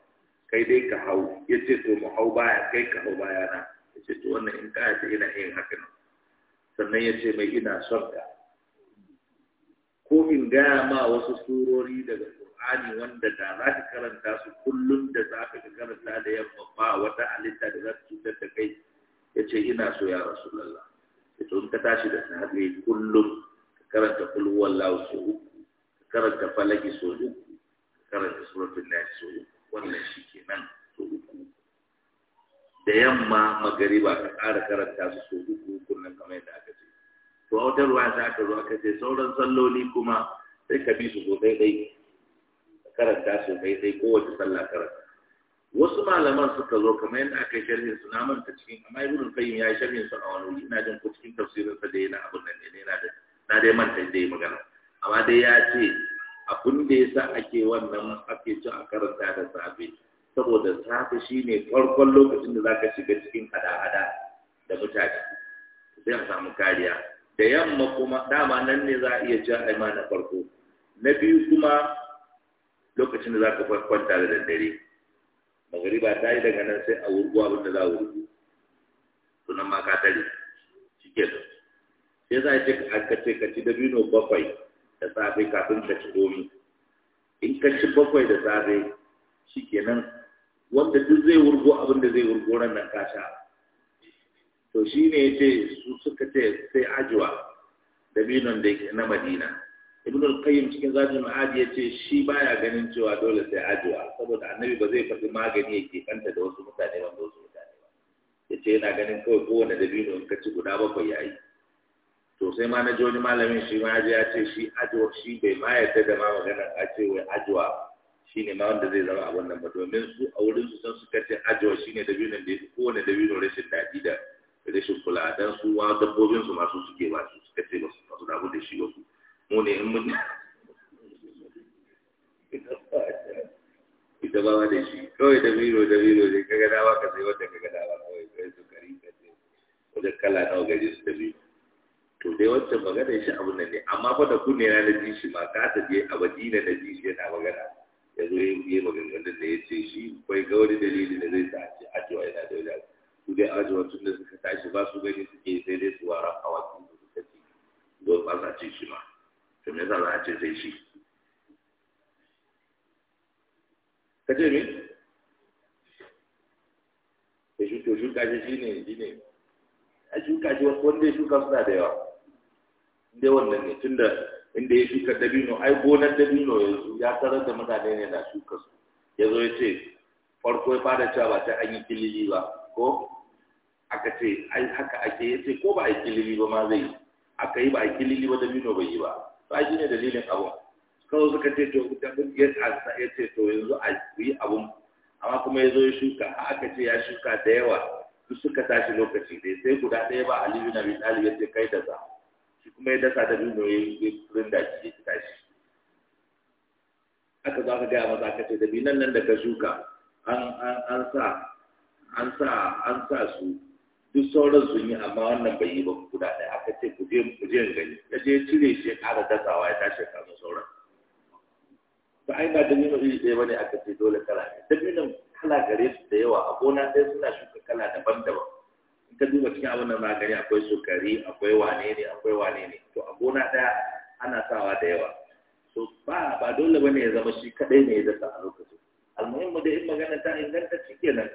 Speaker 1: kai dai ka hau ya ce to mu hau baya kai ka hau baya na ya ce to wannan in kaya ta ina yin haka ne sannan ya ce mai ina son ka ko in gaya ma wasu surori daga Qur'ani wanda da za ka karanta su kullum da za ka karanta da yamma ba wata halitta da za ta cutar da kai ya ce ina so ya rasulallah ya ce in ka tashi da sahabi kullum ka karanta kulwallahu su uku karanta falaki so uku karanta surafin nas so uku wannan shi nan so uku da yamma magariba ka ƙara karanta su so uku kullum kamar yadda aka ce to a wata ruwa sai aka zo aka ce sauran salloli kuma sai ka bi su sosai dai karanta su dai kowace sallah karanta wasu malaman suka zo kamar yadda aka yi sharhin su na manta cikin amma ibn qayyim ya yi sharhin su a wani wuri ina jin ko cikin tafsirin sa da yana abin nan ne na da na dai manta da yi magana amma dai ya ce abin da ya sa ake wannan ake ci a karanta da safe saboda safe shi ne farkon lokacin da za ka shiga cikin hada-hada da mutane sai a samu kariya da yamma kuma dama nan ne za a iya cin a na farko na biyu kuma lokacin da za farkon kwanta da daddare magariba ta yi daga nan sai a wurgu abin da za a wurgu sunan ma ka tare shi ke sai za a ce ka ce ka ci dabino bakwai da safe kafin ka ci komi in ka ci bakwai da safe shi kenan wanda duk zai wurgo abin da zai wurgo ran nan ka sha to shi ne ya ce su suka ce sai ajiwa da binon da na madina ibn al-qayyim cikin zafin ma'adi ya ce shi baya ganin cewa dole sai ajiwa saboda annabi ba zai faɗi magani ya ke kanta da wasu mutane wanda wasu mutane ba ya ce yana ganin kawai kowane dabino in ka ci guda bakwai ya yi to sai ma na ji wani malamin shi ma ya ce shi ajiwa shi bai ma yarda da ma magana a ce wai ajiwa shi ne ma wanda zai zama a wannan ba domin su a wurin su san suka ce ajiwa shi ne dabinon da ya fi kowane dabinon rashin daɗi da rashin kula don su wa dabbobin su masu suke ba su suka ce ba su damu da shi ba su mu ne in mun *laughs* ita ba da shi kawai dabino dabino ne kaga dawa ka sai wanda kaga dawa kawai sai su kari ka ce wajen kala nawa gaje su dabino to dai wancan magana shi abu nan ne amma fa da kunne na ji shi ma ka ta je a Madina da ji shi yana magana ya zo ya yi maganganun da ya ce shi bai ga wani dalili da zai sa a ce yana da wani su dai ajiwa tun da suka tashi ba su gani suke sai dai su wara a wasu da suka ci zo ba za ce shi ma to me za a ce sai shi ka ce me? ya shuka shi ne shi ne a shuka shi wanda ya shuka suna da yawa dai wannan ne tunda inda ya shuka dabino ai gonar dabino yanzu ya tarar da mutane ne na shuka su ya zo ya ce farko ya fara cewa ba ta an yi kilili ba ko aka ce ai haka ake ya ce ko ba a yi kilili ba ma zai yi aka yi ba a yi kilili ba dabino bai yi ba to shi ne dalilin abun kawai suka ce to ya ya ce to yanzu a yi abun amma kuma ya zo ya shuka aka ce ya shuka da yawa duk suka tashi lokaci dai sai guda ɗaya ba aliyu na bin ɗalibi ya ce kai da za shi kuma ya dasa da nuna ya yi kurin da shi ya tashi aka za ka gaya maza ka ce da binan nan da ka shuka an sa an sa an sa su duk sauran sun yi amma wannan bai yi ba guda ɗaya aka ce ku je ku je gani ya je cire shi ya ƙara dasawa ya tashi kama sauran ba ai ba nuna iri ɗaya ne aka ce dole kala ne dabinon kala gare su da yawa a gona ɗaya suna shuka kala daban-daban ka duba cikin abin da magani akwai sukari akwai wane ne akwai wane ne to a gona ɗaya ana sawa da yawa to ba ba dole bane ya zama shi kadai ne ya dasa a lokacin almuhimmu da in magana ta inganta nan.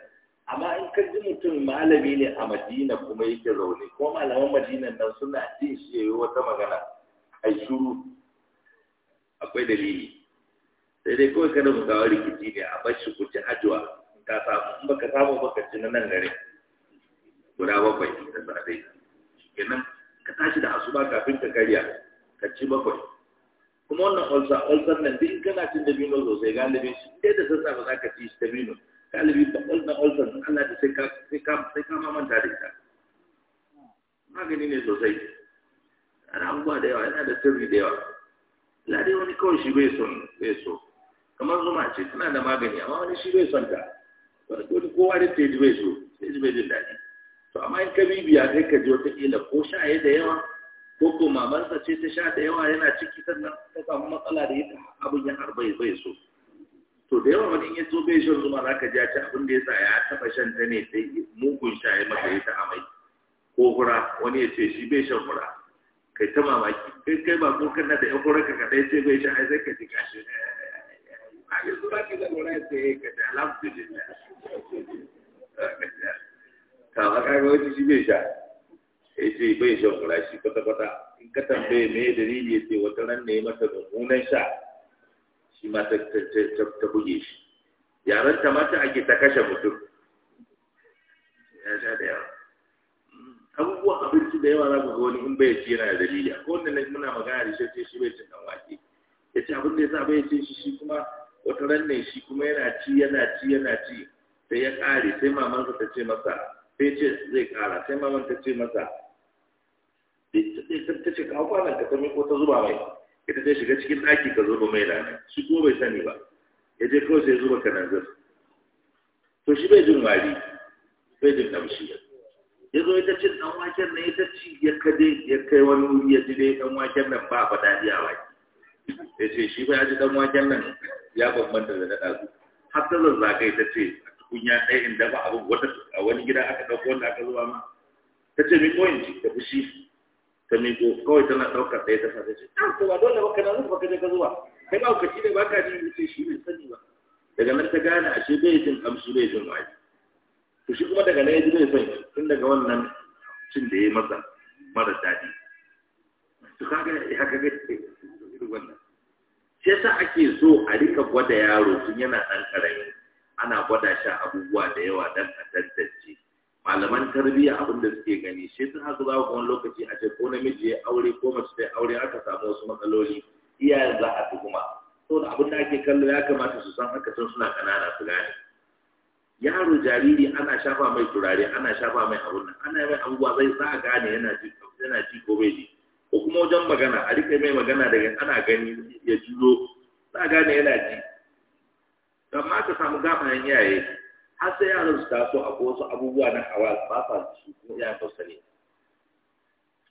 Speaker 1: amma in ka ji mutum malami ne a madina kuma yake zaune ko malaman madina nan suna jin shi yayi wata magana ai shuru akwai dalili sai dai kawai kada mu kawo rikici ne a bar shi ku hajuwa in ka samu in baka samu baka ci na nan gare guda bakwai da safe kenan ka tashi da asuba kafin ka karya ka ci bakwai kuma wannan olsa olsan nan din kana cin da dabino sosai galibin shi dai da sassa ba za ka ci shi dabino galibi ba wannan olsan Allah da sai ka sai ka sai ka mamanta da ita magani ne sosai ana abubuwa da yawa yana da sirri da yawa Allah dai wani kawai shi bai son bai so kamar zuma ce tana da magani amma wani shi bai son ta wani kowa da ta yi bai so sai ji bai jin daɗi to amma in ka bibiya sai ka ji wataƙila ko shaye da yawa ko ko mamansa ce ta sha da yawa yana ciki sannan ta samu matsala da yadda abin ya har bai bai so to da yawa wani in ya zo bai shan zuma za ka ji a ci abin da ya sa ya taɓa shan ta ne sai mugun shaye masa ya ta amai ko hura wani ya ce shi bai shan hura kai ta mamaki kai kai ba ko kana da yan hura ka kadai sai bai shan ai sai ka ji gashi a yanzu za ki zama ra sai ka da alhamdulillah kama kaga wani shi bai sha ya ce bai shan kurashi kwata-kwata in ka tambaye me dalili ya ce wata ran ne na mummunan sha shi ma ta buge shi yaran ta mata ake ta kashe mutum ya sha da yawa abubuwan abinci da yawa za ku ga wani in bai ci yana da dalili ko wanda na muna magana da shi shi bai cin dan wake ya ce abin da ya sa bai cin shi shi kuma wata ran ne shi kuma yana ci yana ci yana ci sai ya ƙare sai mamansa ta ce masa sai ce zai kara sai maman ta ce masa ta ce kawo kwanan ka sami ko ta zuba mai ita ta shiga cikin ɗaki ka zuba mai rana shi ko bai sani ba ya je kawai sai zuba kanan zai to shi bai jin wari bai jin damshi ya zo ita cin ɗan waken nan ita ci ya kade ya kai wani wuri ya ji dai ɗan waken nan ba ba daɗi a waki ya ce shi ba ya ji ɗan waken nan ya bambanta da na ɗazu har ta zazzagai ta ce kunya ɗaya in dafa abin wata a wani gida aka ɗauko wanda aka zuba ma ta ce miko in ci da fushi ta miko kawai tana ɗaukar ɗaya ta sa ta ce ta ba dole ba kana nufa ka je ka zuba kai ba ka ci da ba ka ji ce shi bai sani ba daga nan ta gane ashe bai jin amshi bai jin wani to shi kuma daga nan ya ji bai son tun daga wannan cin da ya yi masa mara daɗi to kaga ya kaga irin wannan shi yasa ake so a rika gwada yaro tun yana ɗan ƙarami ana gwada shi abubuwa da yawa don a tantance malaman tarbiyya abin da suke gani shi sun haka za ku wani lokaci a ce ko namiji ya aure ko mace ta aure aka samu wasu matsaloli iyayen za a tuhuma da abin da ake kallo ya kamata su san haka tun suna ƙanana su gane yaro jariri ana shafa mai turare ana shafa mai abun nan ana mai abubuwa zai sa gane yana ji yana ji ko bai ji ko kuma wajen magana a rika mai magana daga ana gani ya juro sa gane yana ji amma ka samu gafayen iyaye har sai yaran su taso a wasu abubuwa na hawa ba sa su kuma ya ba sani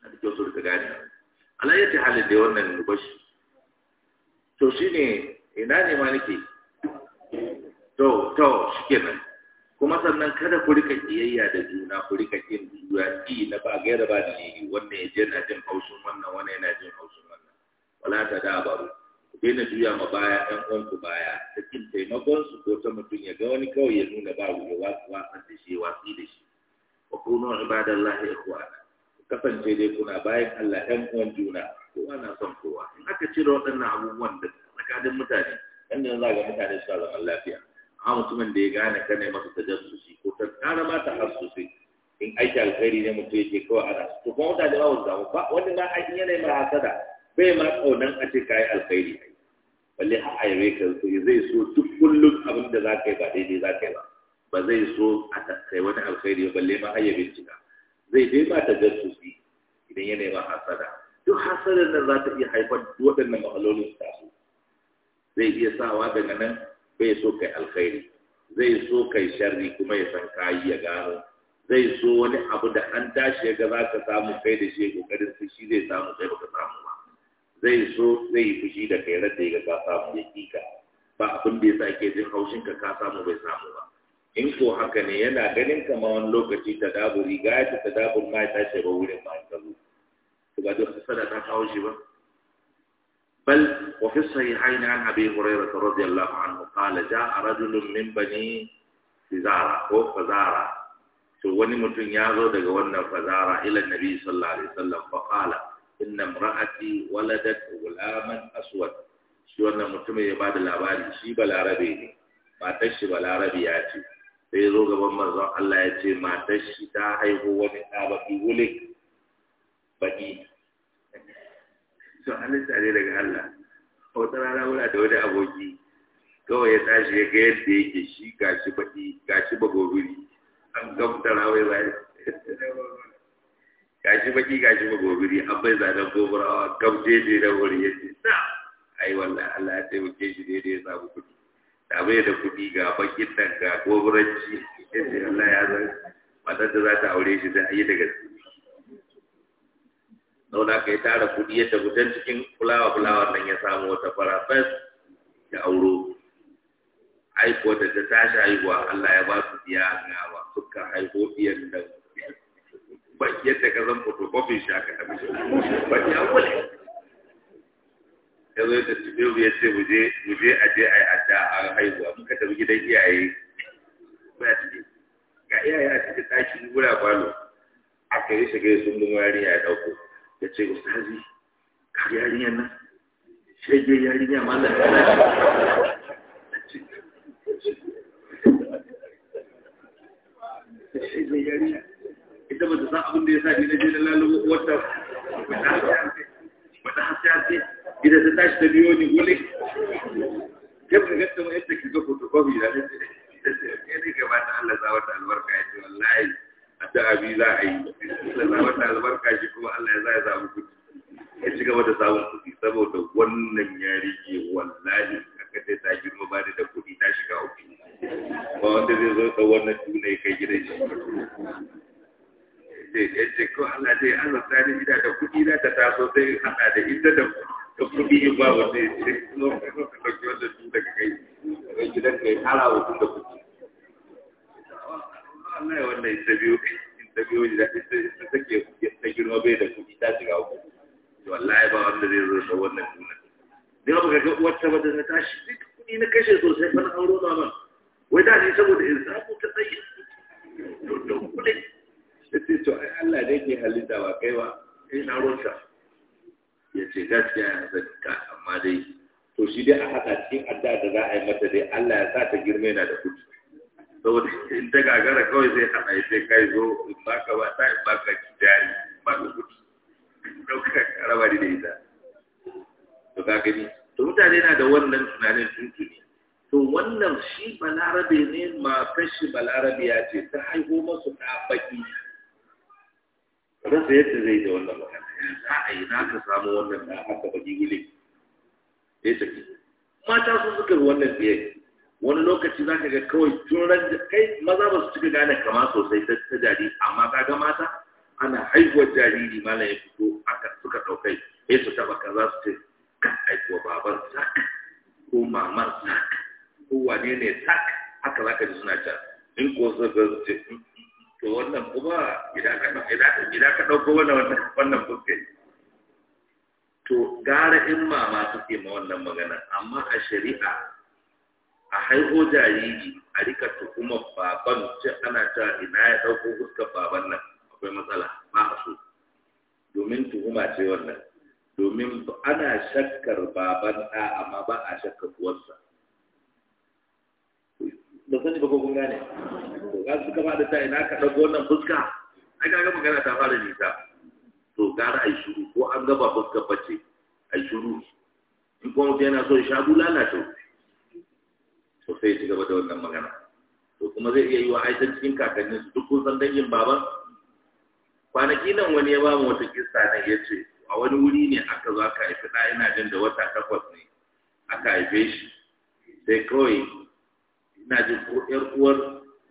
Speaker 1: a da su rika gane alayyati halin da wannan nubashi to shi ne, ina ne ma nake to to nan, kuma sannan kada ku rika kiyayya da juna ku rika kin juna ki na ba gaira ba da yi wanda ya je na jin haushin wannan wanda yana jin haushin wannan wala ta da baro daina juya ma baya ɗan uwanku baya da cin taimakon su ko ta mutum ya ga wani kawai ya nuna ba wuya wasu wasan da shi watsi da shi wa kuno ibadallahi ikhwana kasance dai kuna bayan Allah ɗan uwan juna kowa na son kowa in aka cire waɗannan abubuwan da tsakanin mutane da yanzu ga mutane su zaman lafiya amma mutumin da ya gane kana masa tajassusi ko ta ƙara ma ta in aiki alkhairi ne mutum yake kawai ana to kuma mutane ba su ba wani ma aikin yanayi mara hasada bai ma kaunan a ce kayi alkhairi balle har a ka zai so duk kullum abin da za ka yi ba daidai za ka yi ba ba zai so a kai wani alkhairi ba balle ma har ya bincika zai dai ba ta su idan yana yi hasada duk hasadar nan za ta iya haifar waɗannan matsalolin su tasu zai iya sawa daga nan bai so kai alkhairi zai so kai sharri kuma ya san kayi ya gano zai so wani abu da an tashi ya ga za ka samu kai da shi ya kokarin su shi zai samu kai ba ka samu ba zai so zai yi fushi da kai rata ga ka samu ya kika ba abin da ya sa ke jin haushin ka ka samu bai samu ba in ko haka ne yana ganin kama wani lokaci ta dabu riga ya ta dabu ma ya tashi ba wurin ma ta zo to ba duk sada ta kawo shi ba bal wa fi sahihaini an abi hurairah radiyallahu anhu qala jaa rajulun min bani fizara ko fazara to wani mutum ya zo daga wannan fazara ila nabi sallallahu alaihi wasallam fa qala inna imra'ati waladat gulaman aswad shi wannan mutumin ya bada labari shi balarabe ne matar shi balarabe ya ce sai zo gaban manzon Allah ya ce matar shi ta haihu wani da baki wule baki Allah ta dare daga Allah wata rana muna da wani aboki kawai ya tashi ya ga yadda yake shi gashi baki gashi bagobiri an gamta wai bai gashi baki gashi ba gobiri an bai zanen gobarawa gab daidai da wuri ya ce na ai wannan Allah ya taimake shi daidai ya samu kuɗi da bai da kuɗi ga bakin nan ga gobiranci inda ce Allah ya zan matar da za ta aure shi sai a yi da gaske zauna ka yi tara kuɗi yadda mutum cikin fulawa fulawa nan ya samu wata fara fes da auro aiko da ta tashi haihuwa Allah ya ba su biya wa suka haifo biyan da baki yadda ka zan fito kofin shi aka shi baki an wale ya zo da tuberu ya ce mu je a je a yi adda a haihuwa muka tafi gidan iyaye ba ciki ga iyaye a cikin ɗakin wura A kai yi shiga sun mun yarinya ya ɗauko ya ce ustazi ka yarinyar nan shege yarinya mallam shege yarinya ita ba ta san abin da ya sa ni na je na lalubo wata wata hasashe idan ta tashi ta biyo ni wule kai ba gasta mu yadda kika fotokofi da ne da ne ga mata Allah za wata albarka ya ce wallahi addu'a bi za a yi Allah za wata albarka shi kuma Allah ya za ya samu kuɗi ya ci gaba da samun kuɗi saboda wannan ya rike wallahi aka ce ta girma ba da kuɗi ta shiga uku ba wanda zai zo ta wannan tunai ya kai gidan shi ya ce ko Allah dai Allah ta ni ina da kuɗi na ta taso sai in haɗa da ita da da kuɗi in ba wanda ya ce zo ka zo ka ɗauki wanda tun daga kai daga gidan kai hala wa tun da kuɗi. Allah ya wannan ita biyu ita biyu da ita ita take ta girma bai da kuɗi ta shiga uku. Wallahi ba wanda zai zo da wannan tuna. Ne ba ga wata ba da ta shi duk kuɗi na kashe sosai fa na aure na ba. Wai da ni saboda in samu ta tsaye. Dole kuɗi. Sai ce to ai Allah dai ke halitta ba kai ba Sai na ruwanka ya ce gaskiya ya zaka amma dai to shi dai a haɗa cikin adda da za a yi mata dai Allah ya sa ta girma yana da kuɗi saboda in ta gagara kawai zai haɗa ya sai kai zo in baka ba ta in baka ki jari ba da kuɗi ɗaukaka raba da ita to ka gani to mutane na da wannan tunanin tuntuni to wannan shi balarabe ne ma fashi balarabe ya ce ta haihu masu ta baki rasa yadda zai da wannan magana za a yi za ka samu wannan da aka baki wuli ya tafi mata sun suka wannan biyayya wani lokaci za ka ga kawai tun ran kai maza ba su cika gane kama sosai ta jari amma ka ga mata ana haihuwar jariri malam ya fito aka suka ɗaukai ya su taɓa za su ce ka haihuwa baban sak ko mamar sak ko wane ne sak haka za ka ji suna can in ko sun ce mm, to wannan kuma idan ka ɗauko wannan fuske to gara in mama suke ma wannan magana amma a shari'a a haiho jariri a rika kuma baban ce ana ta ina ya ɗauko fuskar baban nan akwai matsala ba a so domin tuhuma ce wannan domin ana shakkar baban ɗa amma ba a shakkar uwarsa da sani ba bakwai kun gane to ga suka ba da ta ina ka dago wannan fuska ai kaga magana ta fara nisa to gara ai shuru ko an gaba fuska bace ai shuru. in kuma mutum yana so ya sha bulala to to sai ya ci gaba da wannan magana to kuma zai iya yi wa aikin cikin kakannin su duk kun san dangin baban kwanaki nan wani ya ba mu wata kista nan ya ce a wani wuri ne aka zo aka haifi ɗa ina jin da wata takwas ne aka haife shi sai kawai na jin ko uwar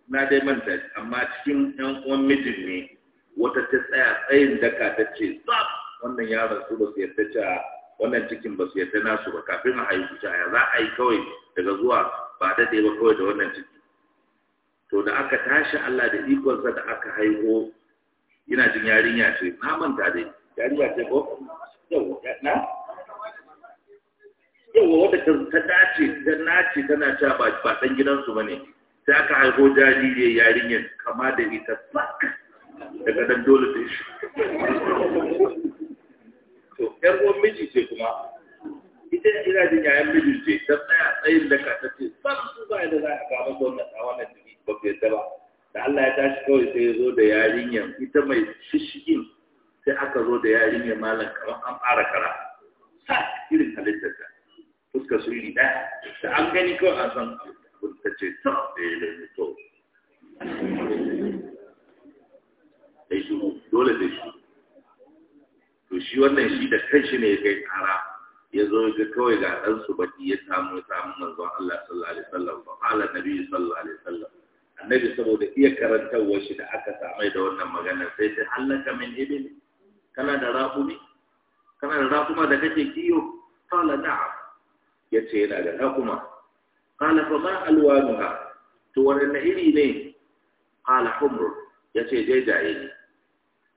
Speaker 1: na dai manta amma cikin ƴan uwan mijin ne wata ta tsaya tsayin daka ta ce stop wannan yaron su ba su yarda ta wannan cikin ba su yarda nasu ba kafin a haihu ta ya za a yi kawai daga zuwa ba daɗe ba kawai da wannan ciki to da aka tashi Allah da ikonsa da aka haihu ina jin yarinya ce na manta dai yarinya ce ko yau na yawa wadda ta dace ta nace tana cewa ba ba dan gidansu bane sai aka haifo jariri yarinyar kama da ita sak daga dan dole ta shi to yar uwan miji ce kuma ita ina jin yayan miji ce ta tsaya tsayin da ka tace san su ba da za a ga masa wannan a wannan jiki ba ku da ba da Allah ya tashi kawai sai ya zo da yarinyar ita mai shishigin sai aka zo da yarinyar malam kamar an fara kara sak irin halittarta fuska sun yi ɗaya da an gani kawai a san abin da ce ta da eh, ya lalle to sai shi dole sai shi to shi wannan shi da kanshi ne ya kai kara ya zo ga kawai ga ɗansu su baki ya samu ya samu manzon Allah sallallahu alaihi wasallam fa qala nabi sallallahu alaihi wasallam annabi saboda iya karantarwa shi da aka samai da wannan magana sai sai hallaka min ibn kana da rafu raƙumi kana da rafu raƙuma da kake kiyo qala na'am ya ce yana da hakuma kala fa ma alwanuha to wadanne iri ne kala humrun ya ce jaijaye ne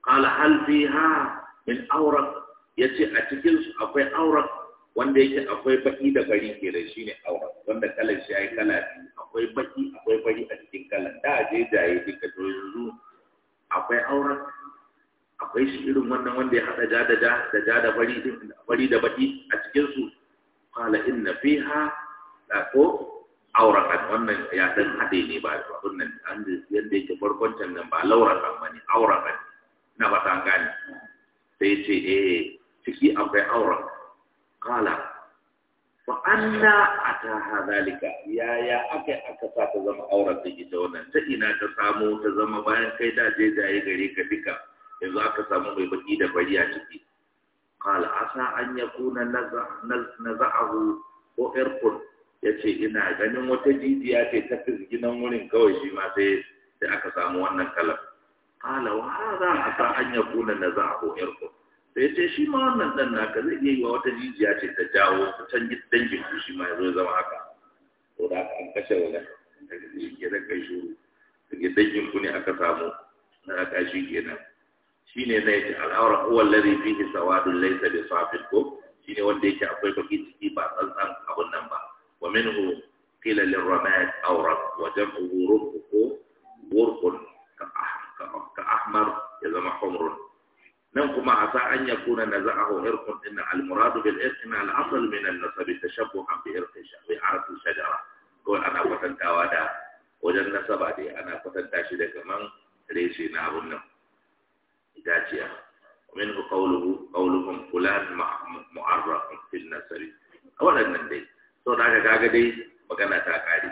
Speaker 1: kala hal fiha min awraq ya ce a cikinsu akwai awraq wanda yake akwai baki da bari ke da shi ne aurak wanda kalar shi ya yi kala biyu akwai baki akwai bari a cikin kalan da jaijaye duka to yanzu akwai aurak akwai shi irin wannan wanda ya haɗa ja da ja da ja da bari da baki a cikinsu qala inna fiha la ko auratan wannan ya dan hade ne ba wannan an yadda yake farkon nan ba lauratan bane auratan na ba san gani sai ce eh ciki akwai aura qala fa anna ataha zalika ya ya aka aka sa ta zama aura da ita wannan ta ina ta samu ta zama bayan kai da je da jaye gare ka duka yanzu aka samu mai baki da bari a ciki قال عسى أن يكون ko نزعه وإرق ce ina ganin wata jijiya ce ta fizginan wurin kawai shi ma sai sai aka samu wannan kalar kala wa za a sa an yakuna ko irqu sai ce shi ma wannan dan naka zai yi wa wata jijiya ce ta jawo ta canji dangin shi ma yazo zama haka to da aka an kashe wani daga jijiya da kai shuru, daga dangin ku ne aka samu na aka shi kenan shine zai ce al'aura huwa alladhi fihi sawadun laysa bi safin ko shine wanda yake akwai baki ciki ba tsantsan abun nan ba wa minhu qila lirramad awraq wa jam'uhu ko warqun ah, ka ahmar ya zama humrun nan kuma asa an kuna yakuna naza'ahu irqun in al-muradu bil irqin al-asl min an-nasab tashabbuhan bi irqi bi arqi shajara ko ana kwatantawa da wajen nasaba dai ana kwatanta shi da kaman reshe na abun nan itaciya min ku qawluhu qawluhum fulan mu'arrafun fil nasri nan dai to da kaga dai magana ta kare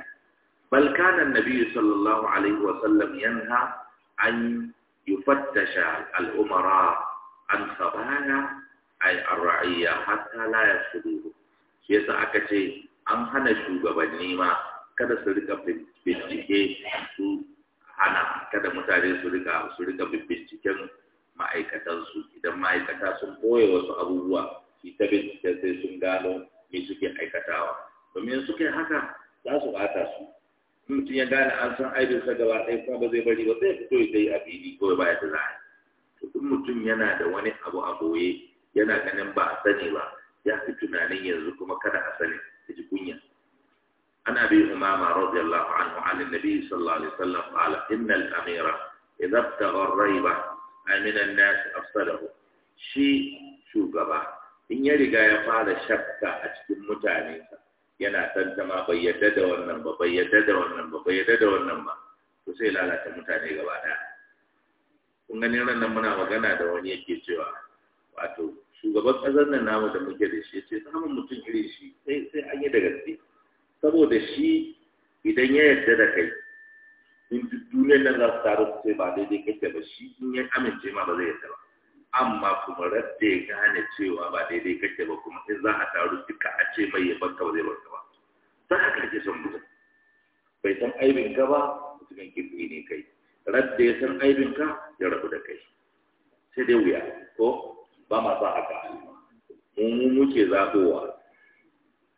Speaker 1: bal kana annabi sallallahu alaihi wa sallam yanha an yufattasha al umara an sabana ay ar hatta la yasuduhu shi yasa aka ce an hana shugabanni ma kada su rika bincike su hana kada mutane su rika su rika binciken ma'aikatansu idan ma'aikata sun koya wasu abubuwa shi ta da sai sun gano me suke aikatawa domin suke haka za su bata su mutum ya gane an san aibinsa gaba ɗaya kuma ba zai bari ba zai fito ya yi a fili kawai baya ta za a yi to mutum yana da wani abu a boye yana ganin ba a sani ba ya fi tunanin yanzu kuma kada a sani ya ji kunya an abi umama radiyallahu anhu an annabi sallallahu alaihi wasallam qala inna amira idza ibtagha aminan nasu afsalahu shi shugaba in ya riga ya fara shakka a cikin mutane yana tantama bai yadda da wannan ba bai yadda da wannan ba bai yadda da wannan ba to sai lalata mutane gaba ɗaya kun gani nan muna magana da wani yake cewa wato shugaban kasar nan namu da muke da shi sai samun mutum irin shi sai sai an yi da gaske saboda shi idan ya yarda da kai in duk na nan za su taru su ba daidai kake ba shi in ya amince ma ba zai yi ba amma kuma rabbe ya gane cewa ba daidai kake ba kuma in za a taru duka a ce mai ya barka ba zai barka ba Za ka ke son mutum bai san aibin ka ba mutumin kirki ne kai rabbe ya san aibin ka ya rabu da kai sai dai wuya ko ba ma sa haka mu muke zaɓowa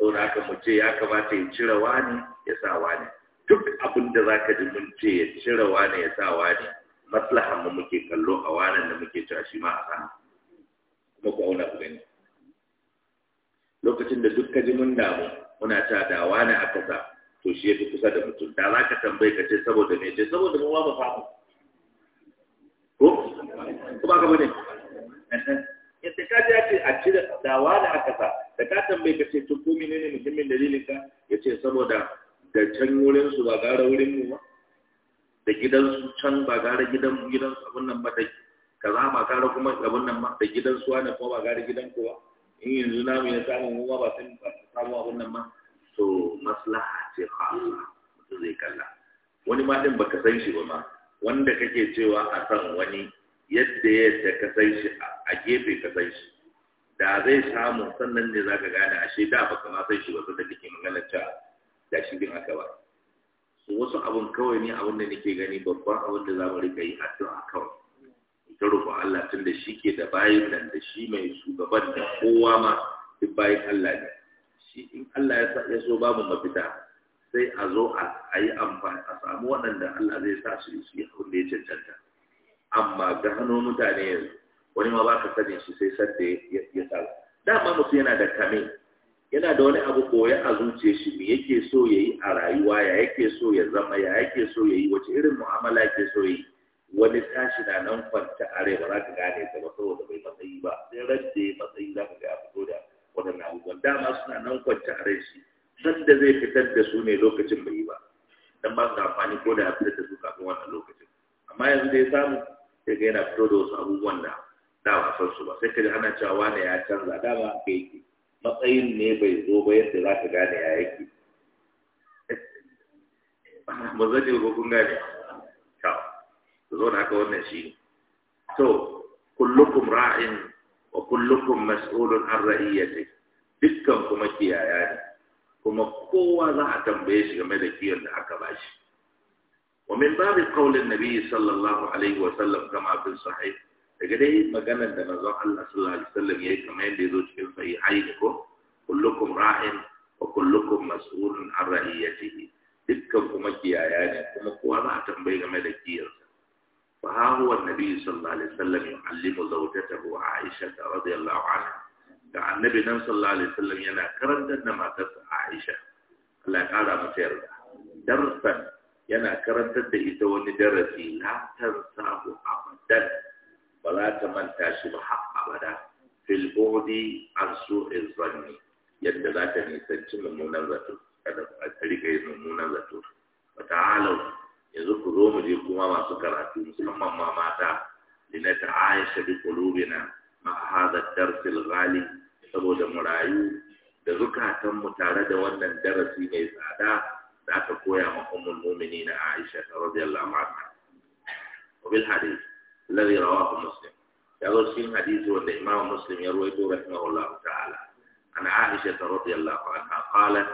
Speaker 1: saboda haka mu ce ya kamata ya cire wani ya sa wani duk abin da za ka ji mun ce ya cire wane ya sa wane maslahan mu muke kallo a wanan da muke cewa shi ma a sa kuma ku auna ku gani lokacin da duk ka ji mun damu muna ta da wane aka sa to shi ya fi kusa da mutum da za ka tambayi ka ce saboda me ce saboda mu ba faɗo, ko ko ba ka bane yadda eh, ka ji ce a cire da wane aka sa da ka tambayi ka ce to ko menene muhimmin dalilin ka ya ce saboda da can wurinsu ba gara wurinmu ba da gidansu can ba gara gidan su abin nan ba Ka za ba gara kuma abin nan ba da gidansu wani kuma ba gara gidan ku ba in yanzu na mu ya samu mu ba sun ba su samu abin nan ba to maslaha ce khassa mutum zai kalla wani ma din baka san shi ba ma wanda kake cewa a san wani yadda yadda ka san shi a gefe ka san shi da zai samu sannan ne zaka gane ashe da baka ma san shi ba sai da kake magana cewa da shi bin haka ba wasu abun kawai ne abin da nake gani babban abin da za mu rika yi addu'a kawai ita roƙon Allah tun da shi ke da bayan nan da shi mai shugaban da kowa ma duk bayan Allah ne shi in Allah ya so ba mu mafita sai a zo a yi amfani a samu waɗanda Allah zai sa su su yi abin da ya cancanta amma ga hannun mutane yanzu wani ma ba ka sanin shi sai sadda ya sa dama mutum yana da kame yana da wani abu koya a zuce shi me yake so ya yi a rayuwa ya yake so ya zama ya yake so ya yi wace irin mu'amala yake so ya yi wani tashi na nan kwanta are ba za ka gane ta ba saboda bai matsayi ba sai rabbe matsayi za ka ga a fito da waɗannan abubuwan dama suna nan kwanta are shi san da zai fitar da su ne lokacin bai yi ba dan ba su amfani ko da da su kafin wannan lokacin amma yanzu dai samu sai ga yana fito da wasu abubuwan da da ba su ba sai ka ji ana cewa wane ya canza dama ka yi matsayin ne bai zo ba yadda za ka gane ya yake ba zan yi hukun gane kyau ku zo haka wannan shi to kullukum ra'in wa kullukum mas'ulun an ra'iyyati dukkan kuma kiyaya ne kuma kowa za a tambaye shi game da kiyon da aka bashi wa min babin qaulin nabi sallallahu alaihi wa sallam kama bin sahih تجدي مجانا دنا زعل صلى الله عليه وسلم يا كمان ديزوج كل في عينكم كلكم راع وكلكم مسؤول عن رعيته دكم كم كيا يعني كم قوانا تنبي كمان كير فها هو النبي صلى الله عليه وسلم يعلم زوجته عائشة رضي الله عنها ده النبي صلى الله عليه وسلم ينا كرد ما تس عائشة لا قال ما تير درسا ينا كرد ده إذا ba ta manta shi ba har abada fil bodi an zanni yadda za ta nisanci mummunan zato kada a rika yin mummunan zato ba halau yanzu ku zo mu kuma masu karatu musamman ma mata linata aisha bi qulubina ma hadha ad saboda mu da zukatanmu tare da wannan darasi mai tsada da aka koya ma ummul mu'minina Aisha radiyallahu anha. Wabil hadith الذي رواه مسلم يقول في الحديث والإمام مسلم يرويه رحمه الله تعالى عن عائشة رضي الله عنها قالت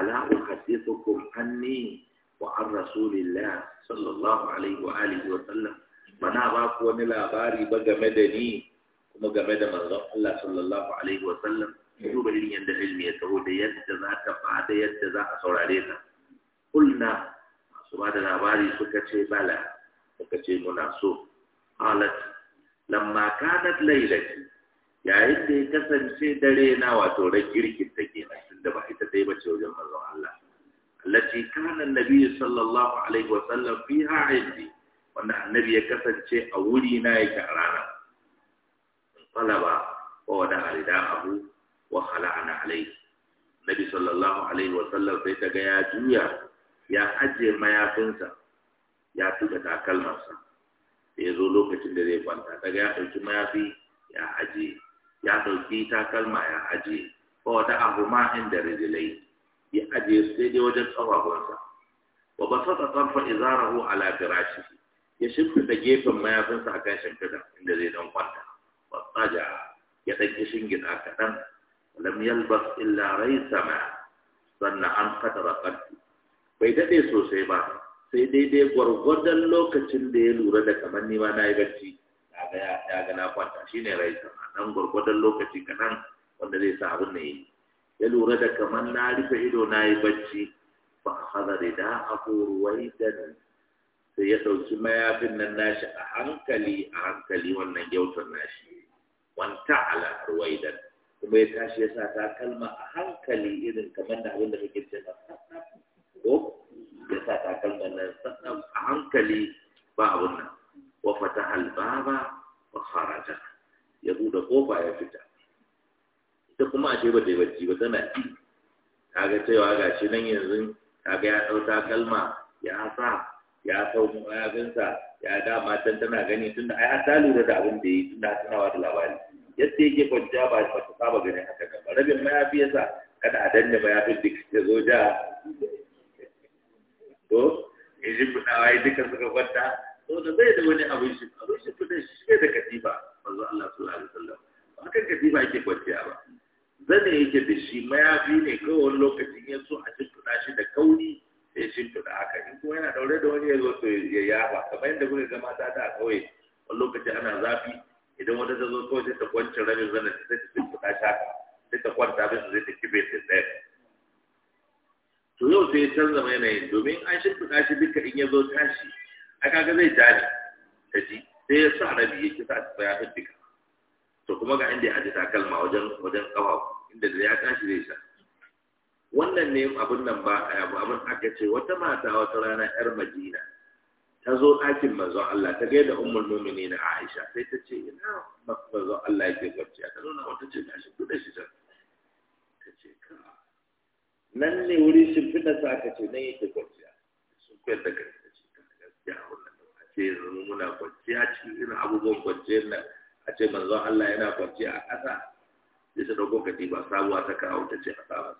Speaker 1: ألا أحدثكم عني وعن رسول الله صلى الله عليه وآله وسلم من أعرف ومن لا غاري بقى مدني كما قمد من الله صلى الله عليه وسلم يقول بلني عند علمي يتقول دي يتزا تفعاد يتزا أصور علينا قلنا سبحان الله باري سكتشي بلا سكتشي مناسوب qalat lamma kanat laylati yayin da ya kasance dare na wato da girkin ta kenan da ba ita dai ce wajen manzon Allah allati kana annabi sallallahu alaihi wa sallam fiha indi wanda annabi ya kasance a wuri na yake a rana talaba wa alida abu wa khala'ana alaihi nabi sallallahu alaihi wa sallam sai ta ga ya juya ya ajiye mayafinsa ya tuka sa. da ya zo lokacin da zai kwanta daga ya ɗauki mayafi ya aje ya ɗauki takalma ya ajiye. ko wata abu ma inda rijilai ya aje su daidai wajen ƙafafunsa wa ba sa tsarfa izarahu ala firashi ya shimfida gefen mayafinsa a kan shimfiɗa inda zai ɗan kwanta wa tsaja ya ɗauki a kaɗan lam yalbas illa sama, sannan an katara ƙarfi bai daɗe sosai ba sai dai-dai gwargwadon lokacin da ya lura da kamar ni ma na yi barci kaga ya ga na kwanta ne rai sama nan gwargwadon lokaci ka nan wanda zai sa abin da yi ya lura da kamar na rufe ido na yi barci fa akhadha da nan sai ya ɗauki mayafin nan nashi a hankali a hankali wannan gyautar nashi wanta ala ruwaidan kuma ya tashi ya sa takalma a hankali irin kamar da abin da kake cewa ko Yasa sa takalman nan sannan a hankali ba abun nan wa fataha albaba wa kharaja ya bude kofa ya fita ita kuma a ce ba ta yi bacci ba tana ci ga cewa ga shi nan yanzu kaga ya ɗau takalma ya sa ya sau mayafinsa ya ga matan tana gani tunda ai ta lura da abin da yi tunda tunawa da labari yadda yake kwanciya ba ba ta saba ganin haka ba rabin mayafi kada a danne mayafin duk ya zo ja To? ya ji kudawa ya duka suka kwanta to da bai da wani abin shi abin shi kudin shi da katifa manzo Allah sallallahu alaihi wasallam ba kan katifa yake kwanciya ba zane yake da shi mayafi ne kawai lokacin ya so a shimfiɗa shi da kauri ya shimfiɗa haka in kuma yana daure da wani ya zo to ya yaba kamar yadda kuka ga mata ta a ƙauye wani lokaci ana zafi idan wata ta zo kawai sai ta kwanci rabin zanen sai ta shimfiɗa shi haka sai ta kwanta bisa sai ta kibe ta tsaye to yau sai ya canza mai yanayin domin an shimfiɗa shi duka in ya zo tashi a kaga zai tashi ta ji sai ya sa rabi ya kisa a fi duka to kuma ga inda ya aji takalma wajen wajen ƙafa inda da ya tashi zai sa wannan ne abin nan ba a yabu abin aka ce wata mata wata rana yar madina ta zo ɗakin manzon Allah ta gaida ummul na Aisha sai ta ce ina manzon Allah ya ke kwanciya ta nuna wata ce shi kuɗa shi ta ce ka nan ne wuri shimfiɗa sa aka ce nan yake kwanciya sun koyar da ta da cikin gaskiya a wannan a ce yanzu muna kwanciya cikin irin abubuwan kwanciyar nan a ce manzon Allah yana kwanciya a ƙasa sai ta ɗauko ba sabuwa ta kawo ta ce a sa A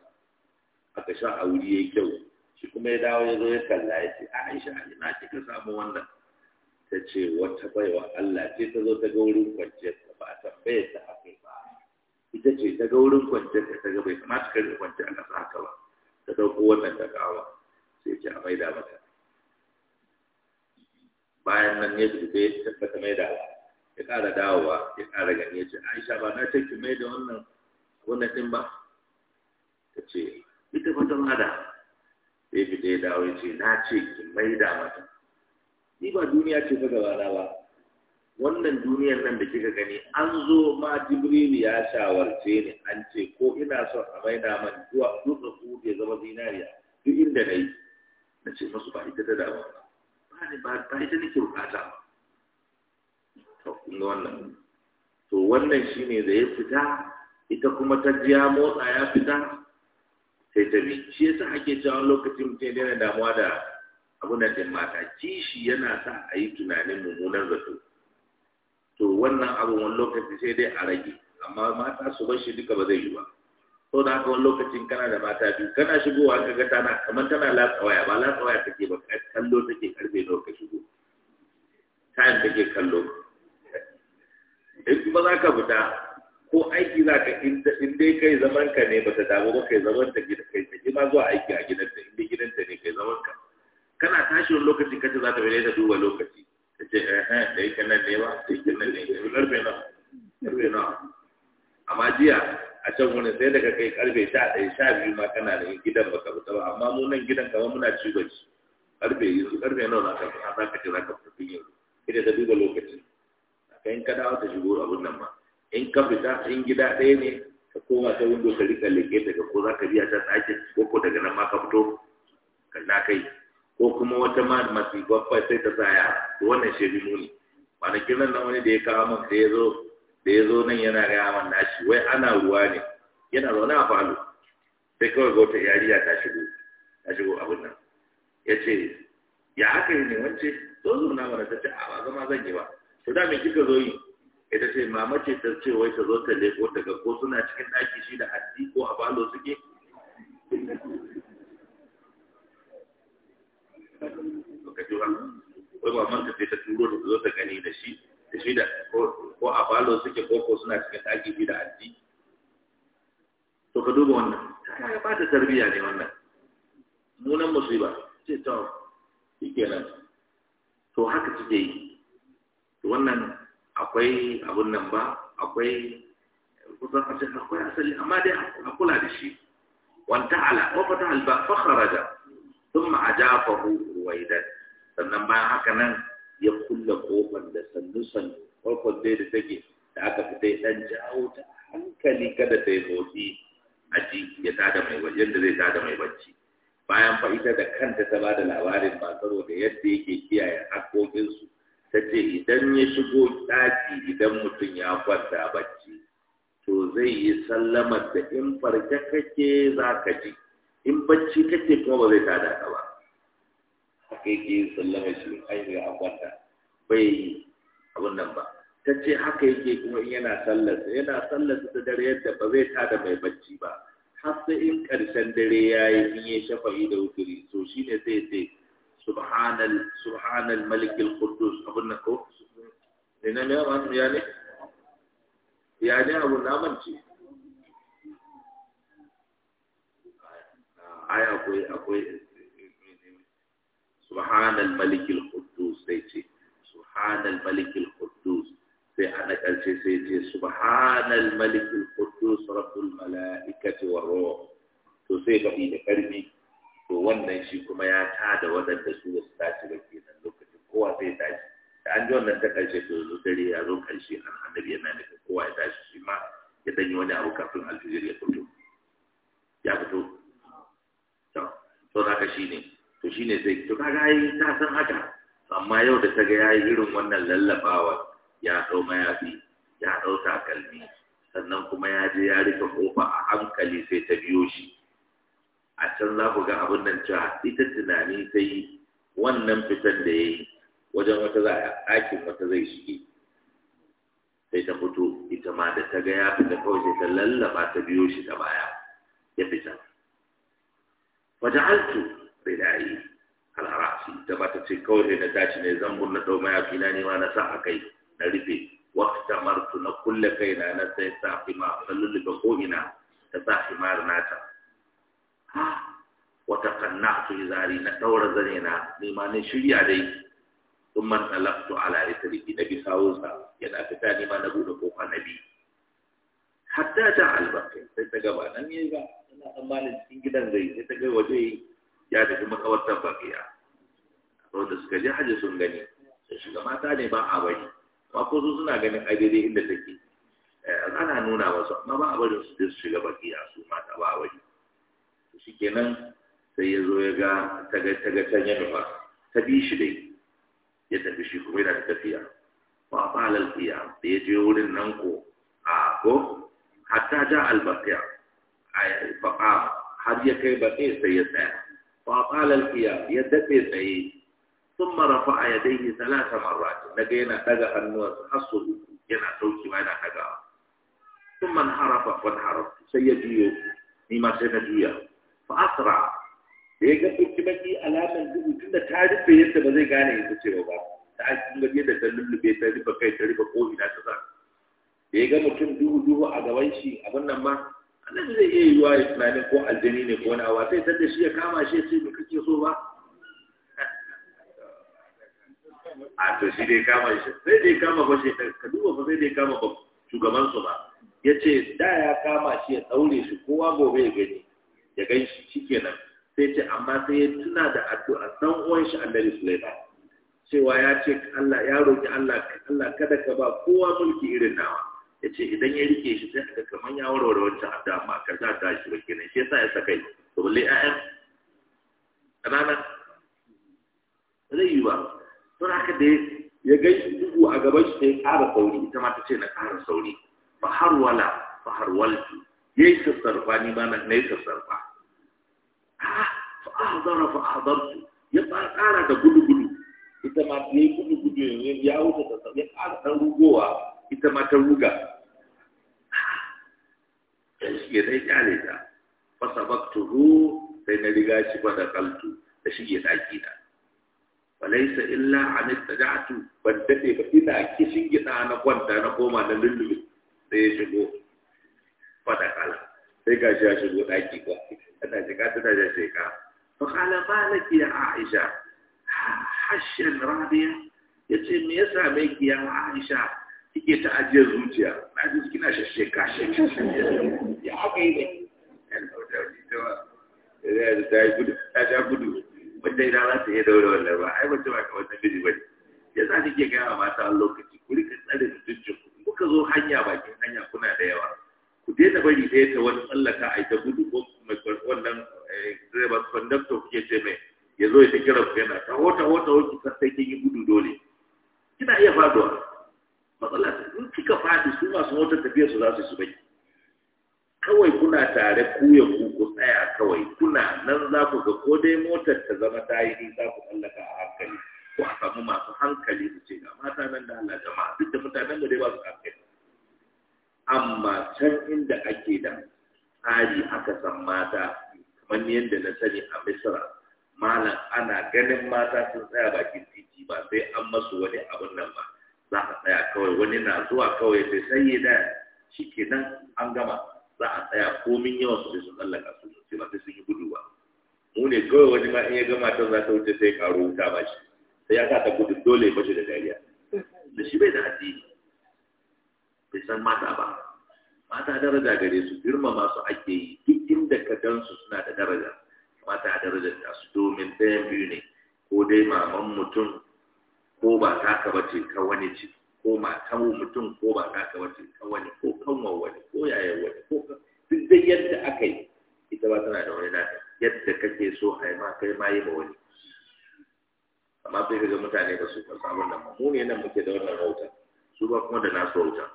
Speaker 1: aka sha a wuri ya yi kyau shi kuma ya dawo ya zo ya kalla ya ce Aisha ina kika samu wannan ta ce wata baiwa Allah ce ta zo ta ga wurin kwanciyar ta ba a tambaye ta akai ba ita ce ta ga wurin kwanciyar ta ta ga bai kamata ka ga kwanciyar a ƙasa haka ba ta ɗauko wannan ta kawo sai ce a maida mata bayan nan ya dube ya tabbata maida ya ƙara dawowa ya ƙara gani ya ce aisha ba na ce ki maida wannan wannan ɗin ba ta ce ita ba ta mada sai fita ya dawo ya ce na ce ki maida mata ni ba duniya ce ta gaba na ba wannan duniyar nan da kika gani an zo ma jibrilu ya shawarce ni an ce ko ina son a maida man zuwa dutsen uhud ya zama zinariya duk inda na yi na ce masu ba ita ta dama ba ne ba ta ita nake bukata ba to kun ga wannan to wannan shine da ya fita ita kuma ta ji ya motsa ya fita sai ta bi shi yasa ake cewa lokacin mutum yana damuwa da abun da mata kishi yana sa a yi tunanin mummunan zato to wannan abu wani lokaci sai dai a rage amma mata su bar shi duka ba zai yi ba ko da haka wani lokacin kana da mata biyu kana shigowa ka ga tana kamar tana latsa waya ba latsa waya take ba kallo take karfe nawa ka shigo time take kallo in kuma za ka fita ko aiki za ka in dai kai zaman ka ne ta damu ba kai zaman ta gida kai ta ma zuwa aiki a gidanta in dai gidanta ne kai zaman ka kana tashi wani lokaci kace za ta bane ta duba lokaci Ka ce eh eh da yake nan ne ba sai karfe na karfe na amma jiya a can wani sai daga kai karfe sha ɗaya sha biyu ma kana da gidan baka fita ba amma mu nan gidan kamar muna ci gwaji karfe yanzu karfe nawa na ka fita za ka ce za ka fita yanzu ita ta duba lokaci ka in ka dawo ta shigo abin nan ma in ka fita in gida ɗaya ne ka koma ta windo ka riƙa leƙe daga ko za ka biya ta ɗakin ko ko daga nan ma ka fito ka na kai ko kuma wata ma masu babba sai ta tsaya wannan shaidu ne kwanakin na wani da ya kawo min da ya zo da ya zo nan yana gaya min nashi wai ana ruwa ne yana zaune a falo sai kawai ga wata yariya ta shigo ta shigo abin nan ya ce ya haka yi ne wance zo zo na mana ta ce a ba zama zan yi ba to da me kika zo yi ita ce mama ce ta ce wai ta zo ta leko ga ko suna cikin ɗaki shi da addi ko a falo suke ka ji wai maman ta sai ta turo da zo ta gani da shi da shi da ko a falo suke koko suna cikin ɗaki bi da addi to ka duba wannan ta ya ba ta ne wannan munan musiba ce ta shi kenan to haka take yi to wannan akwai abun nan ba akwai kusan a cikin akwai asali amma dai a kula da shi wanta ala wa fata alba fa kharaja thumma ajafahu ruwaidan sannan ma haka nan ya kulle kofar da sannu sannu farkon dai da take da aka fita dai dan jawo ta hankali kada ta yi motsi a ji ya tada mai wajen yadda zai tada mai bacci bayan fa ita da kanta ta ba da labarin ba da yadda yake kiyaye haƙoƙinsu ta ce idan ya shigo ɗaki idan mutum ya kwanta bacci to zai yi sallamar da in farke kake za ka ji in bacci kake kuma ba zai tada ka ba kai ke yin sallama shi an yi an kwanta bai yi abin nan ba ta ce haka yake kuma in yana sallarsa yana sallarsa ta dare yadda ba zai ta da mai bacci ba har sai in ƙarshen dare ya yi in ya shafa'i da wuturi to shi ne sai ce subhanal subhanal malikil quddus abin nan ko ne na mai wasu ya ne ya ne abu na mance ai akwai akwai subhanal malikil quddus sai ce subhanal malikil quddus sai a na karshe sai ce subhanal malikil quddus rabbul malaikati war ruh sai ba da karfi to wannan shi kuma ya tada waɗanda su ba su tashi ba kenan lokacin kowa sai tashi da an ji wannan ta karshe to zo dare ya zo karshe an annabi yana nufin kowa ya shi ya wani abu kafin a ya fito ya to haka ne to shi ne zai to kaga yi ta san haka amma yau da ta ga ya yi irin wannan lallabawa ya ɗau mayafi ya ɗau takalmi sannan kuma ya je ya rika kofa a hankali sai ta biyo shi a can za ku ga abin nan cewa ita tunani ta yi wannan fitan da ya yi wajen wata za a ɗakin wata zai shige sai ta fito ita ma da ta ga ya fita kawai sai ta lallaba ta biyo shi da baya ya fita altu sai da yi ta ba ta ce kawai da tashi ne zan burna dau mayafi na nema na sa a kai na rufe wata martu na kulle kai na na sai sa hima na lullube ko ina ta sa ta nata wata kanna su zari na daura zane na nema ne shirya dai sun man talaftu ala riki na bi sawunsa yana fita nema na buɗe kofa na biyu hatta ta albarkai sai ta gaba nan yi ba ina dan bani cikin gidan zai sai ta ga waje ya tafi makawartar bakiya akwai da suka je Haji sun gani sun shiga mata ne ba a bari ba ko su suna ganin ai inda take eh, ana nuna masu amma ba a bari su su shiga bakiya su mata ba a bari shi kenan sai ya zo ya ga ta can ya nufa ta bi shi dai ya tafi shi kuma yana tafiya ba ba lalfiya da ya je wurin nan ko a ko hatta ja albaqiya fa har ya kai ba sai ya tsaya فأطال القيام يدبر تيه ثم رفع يديه ثلاث مرات لقينا تجا النور حصل جنا توكي وانا تجا ثم انحرف وانحرف سيجيو لما سيجيو فأسرع ليجا تكمتي على من دو تنا تعرف بيت بزي غاني يتسيو با تعرف من يد تلل بيت تلل بكاي تلل بكو هنا تسا ليجا متم دو دو أدوانشي أبنا ما annabi zai iya yiwuwa ya tunanin ko aljani ne ko nawa sai ta da shi ya kama shi ya ce kake so ba *laughs* a to shi dai kama shi sai dai kama ba shi ka duba ba sai dai kama ba shugaban su ba ya ce da ya kama shi ya daure shi kowa gobe ya gani ya gan shi shikenan sai ce amma sai ya tuna da addu'a dan uwan shi annabi Sulaiman cewa ya ce Allah ya roki Allah Allah kada ka ba kowa mulki irin nawa ya ce idan ya rike shi sai aka kamar ya warware wancan a dama ka za ta shi ba kenan shi yasa ya saka yi to balle yan ƙanana zai yi ba don haka da ya gai shi duhu a gaban shi ta yi ƙara sauri ita ma ta ce na ƙara sauri ba har wala ba har waltu ya yi sassarfa ni ma na yi sassarfa fa ahdara fa ahdartu ya ƙara da gudu gudu ita ma ta yi gudu gudu ya wuce sassarfa ya ƙara ɗan rugowa ita ma ta ruga da shige ta yi kyale ta fasa baktuhu sai na riga shi fada kaltu da shige ɗaki na falaisa illa an tajatu ban daɗe ba ina kishin gida na kwanta na koma na lullube sai ya shigo fada kala sai shi ya shigo ɗaki ba tana shiga tana shiga فقال ما لك يا عائشة حشا راضية يتم يسامك a Aisha? kike ta ajiye zuciya na ji kina shashe ka ya haka yi ne ta yi gudu ta ja gudu wanda ina za ta iya daura wannan ba ai mace ba kamar namiji ba ya za kike gaya wa mata a lokaci ku rika tsare mutuncin ku kuka zo hanya bakin hanya kuna da yawa ku daina bari ɗaya ta wani tsallaka a ita gudu ko wannan eh, direba kondaktor kuke ce mai ya zo ya ta kira ku yana taho hota taho ki sai kin yi gudu dole kina iya faduwa matsala in kika fadi su masu motar tafiya su za su bai kawai kuna tare ku ya ku ku tsaya kawai kuna nan za ku ga ko dai motar ta zama ta yi za ku tsallaka a hankali ko a samu masu hankali su ce ga mata nan da Allah jama'a duk da mutanen da dai ba su hankali amma can inda ake da tsari aka san mata kamar yadda na sani a Misra malam ana ganin mata sun tsaya bakin titi ba sai an masu wani abun nan ba za a tsaya kawai wani na zuwa kawai sai sai da shi ke nan an gama za a tsaya komin yawan su sai sun tsallaka su sai ba sai sun yi gudu ba mu ne kawai wani ma in ya gama ta za ta wuce sai karo wuta ba shi sai ya sa ta gudu dole ba shi da dariya da shi bai da addini bai san mata ba mata daraja gare su girmama su ake yi duk inda ka gan su suna da daraja mata daraja ta su domin ɗayan biyu ne ko dai maman mutum ko ba taka bace ka wani ci ko kan mutum ko ba taka bace ka wani ko kanwa wani ko yaya wani ko duk da yadda aka yi ita ba tana da wani nata yadda kake so a ma kai ma yi ma wani amma sai ga mutane da su fasa wannan ne nan muke da wannan rauta su ba kuma da nasu rauta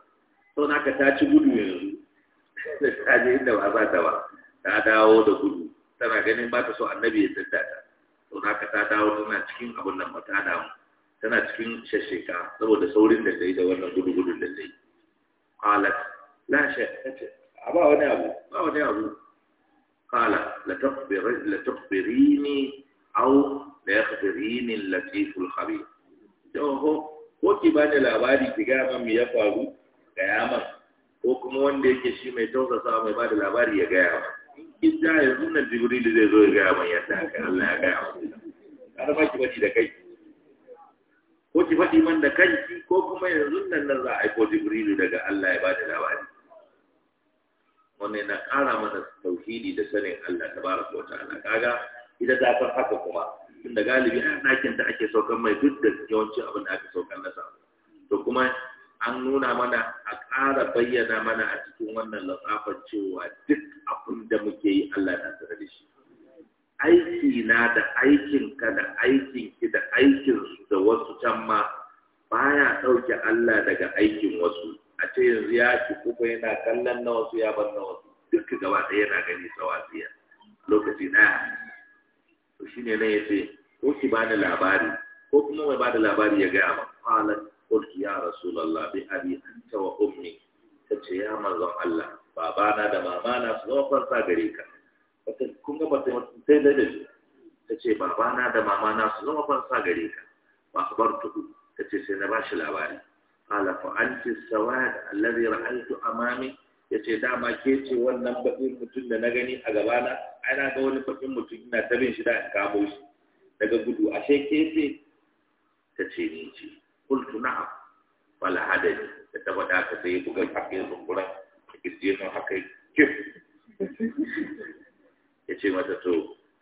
Speaker 1: sau na ka ta ci gudu yanzu da *laughs* ta je inda ba za ta ba ta dawo da gudu tana ganin ba ta so annabi ya tsinta ta sau na ka ta dawo tana cikin abin nan ba ta damu tana cikin shasheka saboda saurin da zai da wannan gudu-gudun da zai qalat lashe a ba wani abu ba wani abu qala la tukhbiri la au aw la yakhbirini al-latif al-khabir to ko ki ba da labari ki ga man me ya faru ga yama ko kuma wanda yake shi mai tausasa mai ba da labari ya gaya ma in kin ja yanzu nan jibril zai zo ya gaya yaman yadda Allah ya gaya yaman har ba ki bace da kai ko ki faɗi man da kanki ko kuma yanzu nan nan za a aiko jibrilu daga Allah ya ba da labari wanne na ƙara mana tauhidi da sanin Allah ta ko ta ta'ala kaga idan za ka haka kuma tunda galibi a ɗakin da ake saukan mai duk da yawancin abin da aka saukan nasa to kuma an nuna mana a ƙara bayyana mana a cikin wannan latsafar cewa duk abin da muke yi Allah na tsare da shi aiki na da aikin ka da ki da aikin su da wasu can ma baya ɗauke Allah daga aikin wasu a ce yanzu ya ci kuma yana kallon na wasu ya bar na wasu duka gaba ɗaya yana gani sawasiya lokaci na to shine nan yace ko ki ni labari ko kuma mai bada labari ya gaya ma qalat qultu ya rasulullah bi abi anta wa ummi Ta ce ya manzon Allah babana da mamana su zama farsa gare ka kun ga mace sai da ta ce babana da mamana su zama ban sa gare ka ba su bar tudu ta ce sai na ba shi labari ala fa anti sawad alladhi ra'aytu amami yace dama ke ce wannan bakin mutum da na gani a gabana ana ga wani bakin mutum ina ta bin shi da in kamo shi daga gudu ashe ke ce ta ce ni ce qultu na'am wala hadani da ta faɗa ka sai buga hakin zungura da kirje haka kif ya ce mata to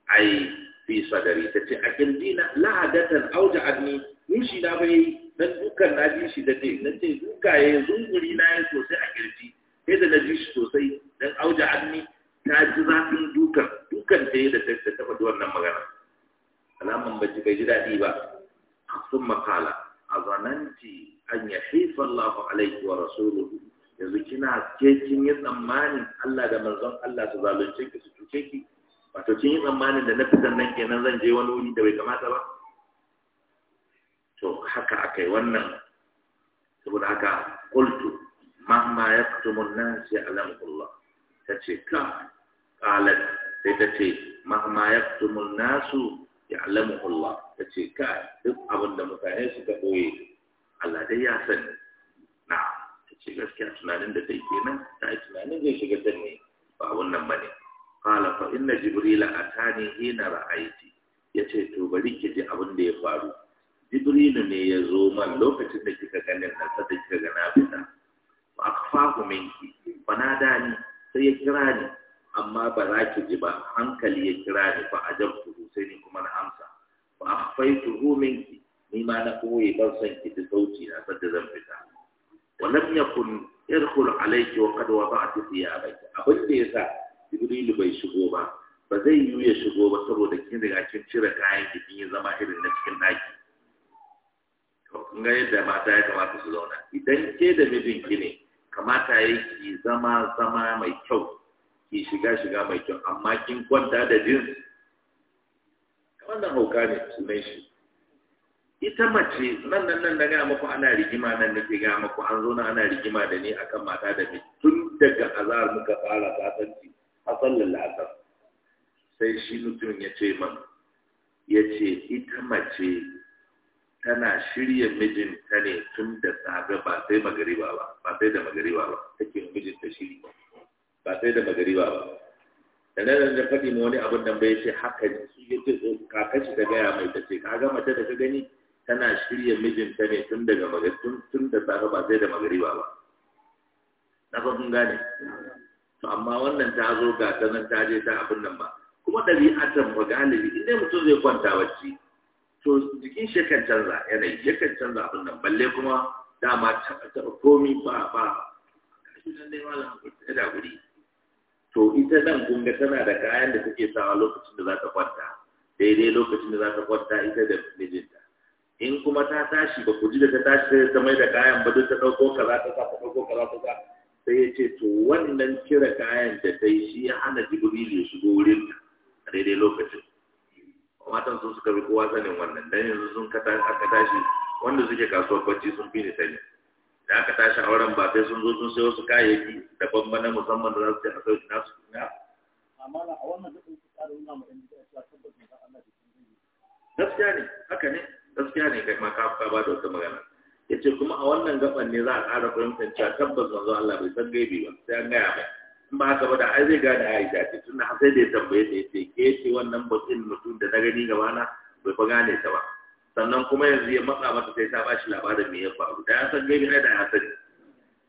Speaker 1: ai fi sadari ta ce a kirjina lahadatan auja adni nushi na bai dan dukan na ji shi da ce na ce duka ya zunguri na yi sosai a kirji sai da na ji shi sosai dan auja adni ta ji zafin dukan dukan ta yi da ta ta da wannan magana alaman ba ji bai ji daɗi ba sun makala a zananci an ya haifa Allah alaihi wa rasuluhu yanzu kina ke kin yi tsammanin Allah da manzon Allah su zalunce ki su cuce ki wato kin yi tsammanin da na fitan nan kenan zan je wani wuri da bai kamata ba to haka akai wannan saboda haka qultu mahma yaktumu an-nas ya'lamu ta tace ka qalat sai ta tace mahma yaktumu su ya ya'lamu ta tace ka duk abin da mutane suka koye. Allah dai ya sani na ta ce gaskiya tunanin da ta yi kenan ta tunanin zai shiga ne ba wannan ne. qala fa inna jibrila atani hina ra'aiti yace to bari ki ji abin da ya faru jibrilu ne ya zo man lokacin da kika ganin na sai kika ga na fita fa akfahu minki fanada ni sai ya kira ni amma ba za ki ji ba hankali ya kira ni fa ajabtu sai ni kuma na amsa fa akhfaytuhu minki ni ma na koyi ban san ki da sauti na sadda zan fita wa lam yakun yadkhul alayki wa qad wada'ti baki. abin da yasa jibrilu bai shigo ba ba zai yiwu ya shigo ba saboda kin riga kin cire kayan jikin ya zama irin na cikin daki to kun ga yadda mata ya kamata su zauna idan ke da ki ne kamata ya ki zama zama mai kyau ki shiga shiga mai kyau amma kin kwanta da jin wannan hauka ne mai shi ita mace nan nan nan daga muku ana rigima nan nake ga muku an zo na ana rigima da ni akan mata da miji tun daga azar muka fara sasanci a sallar la'asar sai shi mutum ya ce man ya ce ita mace tana shirya mijinta ne tun da safe ba sai magariba ba ba sai da magariba ba take mijinta shiri ba sai da magariba ba da nan da faɗi ma wani abin da bai ce haka shi ya ce oh, kakashi ta gaya mai ta ce kaga mace da ka gani tana shirya mijinta ne tun daga tun da safe ba sai da magariba ba na fa kun gane to amma wannan ta zo ga ta nan ta je ta abin nan ba kuma ɗabi'atan ba galibi inda mutum zai kwanta wacce to jikin shi kan canza yanayi ya kan canza abin nan balle kuma dama taɓa taɓa komi ba ba ya da to ita nan kun ga tana da kayan da take sawa lokacin da za ta kwanta daidai lokacin da za ta kwanta ita da mijinta in kuma ta tashi ba ku ji da ta tashi sai ta mai da kayan ba duk ta ɗauko kaza ta sa ta ɗauko kaza ta sa sai ya ce to wannan cire kayan da ta yi shi ya hana jibril ya shigo wurin a daidai lokacin matan sun suka bi kowa sanin wannan dan yanzu sun aka tashi wanda suke kasuwar bacci sun fi ni sani da aka tashi a wurin ba sai sun zo sun sayo su kayayyaki da bamba na musamman da za su ce a sauki nasu na gaskiya ne haka ne gaskiya ne kai ma ka ba da wata magana ya ce kuma a wannan gaban ne za a ƙara fahimtar cewa tabbas manzo Allah bai san gaibi ba sai an gaya ba in ba haka ba da ai zai gane a Aisha ce tunda har sai da ya tambaye ta ce ke ce wannan batun mutum da na gani gaba na bai fa gane ta ba sannan kuma yanzu ya matsa mata sai ta bashi labarin me ya faru da ya san gaibi ai da ya sani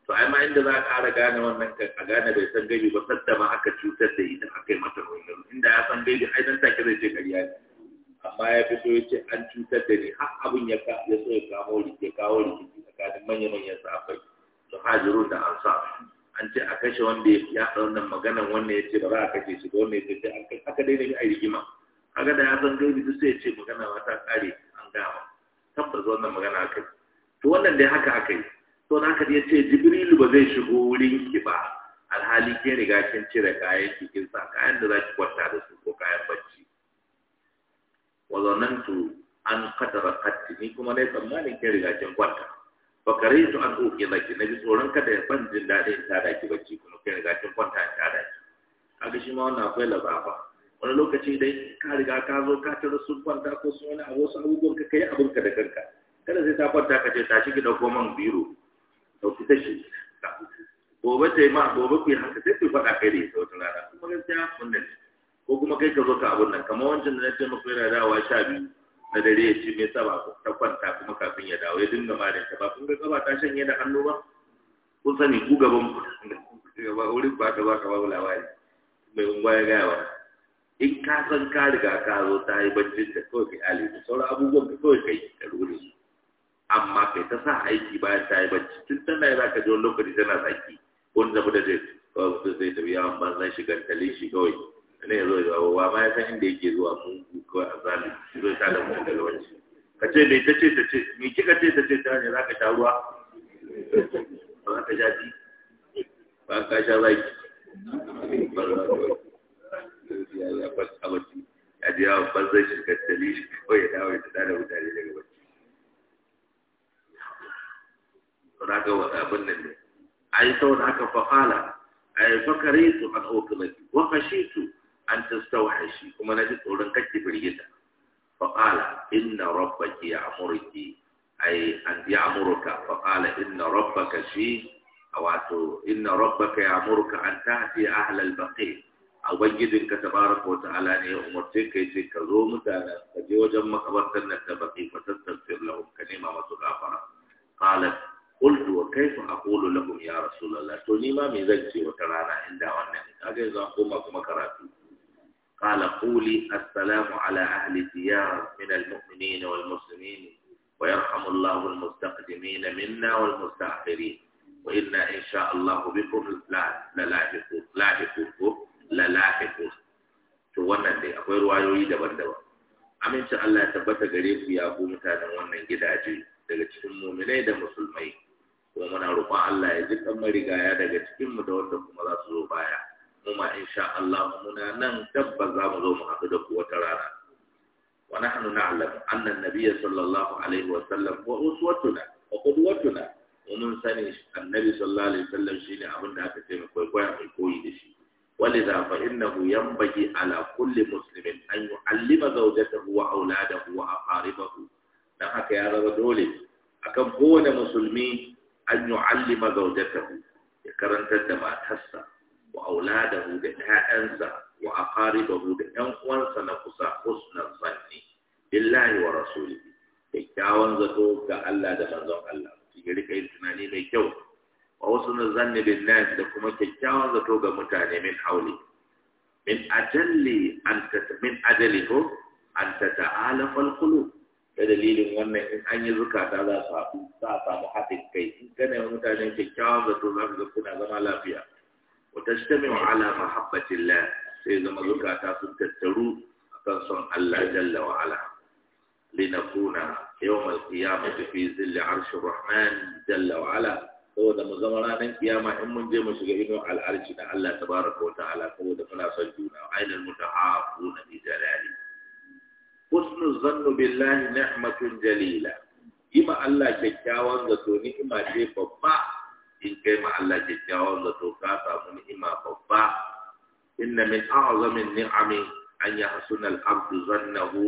Speaker 1: to ai ma inda za a ƙara gane wannan kan a gane bai san gaibi ba sadda ma aka cutar da ita aka yi mata wannan inda ya san gaibi ai dan take zai ce ƙarya ne amma ya fito ya ce an cutar da ni har abin ya ka ya so ya kawo rike kawo rike tsakanin manya-manyan safai to hajiru da ansar an ce a kashe wanda ya faɗa wannan maganan wannan ya ce ba za a kashe shi ba wannan ya ce an kai aka daina a rigima kaga da ya san gaibi duk sai ya ce magana ba ta kare an gama tabbas wannan magana aka yi to wannan dai haka aka yi to na haka ya ce jibrilu ba zai shigo wurin ki ba alhali ke riga kin cire kayan ki kin sa kayan da za ki kwanta da su ko kayan bacci wa zanantu an kadara kati, ni kuma dai tsammanin kin riga kin kwanta Ba fa su an ki na bi tsoron kada ya ban jin daɗin ta da ki bacci kuma kai riga kin kwanta ta da ki kaga shi ma wannan akwai labafa wani lokaci dai ka riga ka zo ka tara sun kwanta ko sun wani abu wasu abubuwan ka kai abin ka da kanka kada sai ta kwanta ka ce tashi ki dauko man biro dauki tashi gobe ta yi ma gobe ku yi haka sai ku faɗa kai da ita wata rana kuma gaskiya wannan ne ko kuma kai ka zo ka abun nan kamar wancan da na ce maka yana dawowa sha biyu na dare ya ce me yasa ba ta kwanta kuma kafin ya dawo ya dinga marin ta ba kun ga kaba ta shanye da hannu ba kun sani ku gaban ku, ba wuri ba ta ba ka babu labari mai unguwa ya gaya wa in ka san ka riga ka zo ta yi bacci da kawai kai da sauran abubuwan ka kawai kai ka rure su amma kai ta sa aiki bayan ta yi bacci tun tana yi za ka ji wani lokaci tana zaki wani zama da zai kawai mutum zai tafi yawon banzan talin shi kawai ne ya zo ya zo ba ma ya san inda yake zuwa mun ko a zali zo ya tada mutum da lawanci ka ce dai ta ce ta ce me kika ce ta ce ta ne za ka sha ruwa ba ka sha ci ba ka sha ki ba za ka ya fasa a bacci ya ji ya ba zai shi ka tali shi ko ya dawo ya ta da mutane daga bacci za ka wa abin nan ne ai sau da haka fakala ai fakare su an okulaki wa kashitu an tastawhashi kuma na ji tsoron kake firgita faqala inna rabbaki amurki ay an ya'muruka faqala inna rabbaka shi wato inna rabbaka ya'muruka an ta'ti ahla al-baqi ubangijinka tabaraka wa ta'ala ne ya umarce ka yace ka zo mutanen ka je wajen makabartar nan ta baqi fa tastaghfir lahum ka nema masu gafara qalat قلت وكيف اقول لهم يا رسول الله to ni ma me zan ce wata rana inda wannan kaga yanzu an koma kuma karatu قال قولي السلام على أهل الديار من المؤمنين والمسلمين ويرحم الله المستقدمين منا والمستأخرين وإنا إن شاء الله بكم للاحقون لاحقون للاحقون to wannan dai akwai ruwayoyi daban-daban amincin Allah ya tabbata gare ku ya ku mutanen wannan gidaje daga cikin muminai da musulmai kuma muna roƙon Allah ya ji kan marigaya daga cikin mu da wanda kuma za su zo baya mu ma insha Allah muna nan tabba za mu zo mu haɗu da ku wata rana wa nahnu na'lamu anna an-nabiy sallallahu alaihi wa sallam wa uswatuna wa qudwatuna mun sani annabi sallallahu alaihi wa sallam shine abin da aka ce mu kwaikwaya mu koyi da shi innahu ولذا فإنه ينبغي على كل مسلم أن يعلم زوجته وأولاده وأقاربه dan haka ya zama dole akan kowane musulmi an yu'allima zawjatahu ya karantar da matarsa wa auladahu da ƴaƴansa wa aqaribahu da ƴan uwansa na kusa husnan sanni billahi wa rasulihi kyakkyawan zato ga Allah da manzon Allah ya rika tunani mai kyau wa wasu zanni bin da kuma kyakkyawan zato ga mutane min hauli min ajalli an min ajali ko an tata ala falkulu da dalilin wannan in an yi zukata za su haɗu samu haɗin kai in kana mutanen kyakkyawan zato za ka zama lafiya وتجتمع على محبة الله سيدنا مزكاة تترو تنصن الله جل وعلا لنكون يوم القيامة في ظل عرش الرحمن جل وعلا saboda mu zama ranar kiyama in mun je mu shiga ido al'arci da Allah tabaraka wa ta'ala saboda muna son juna ainal mutahafuna bi jalali husnu zannu billahi ni'matun jalila ima Allah kyakkyawan zato ni'ima ce babba in kai ma Allah kyakkyawan zato ka samu ni'ima babba inna min a'zamin ni'ami an yahsuna al-abdu zannahu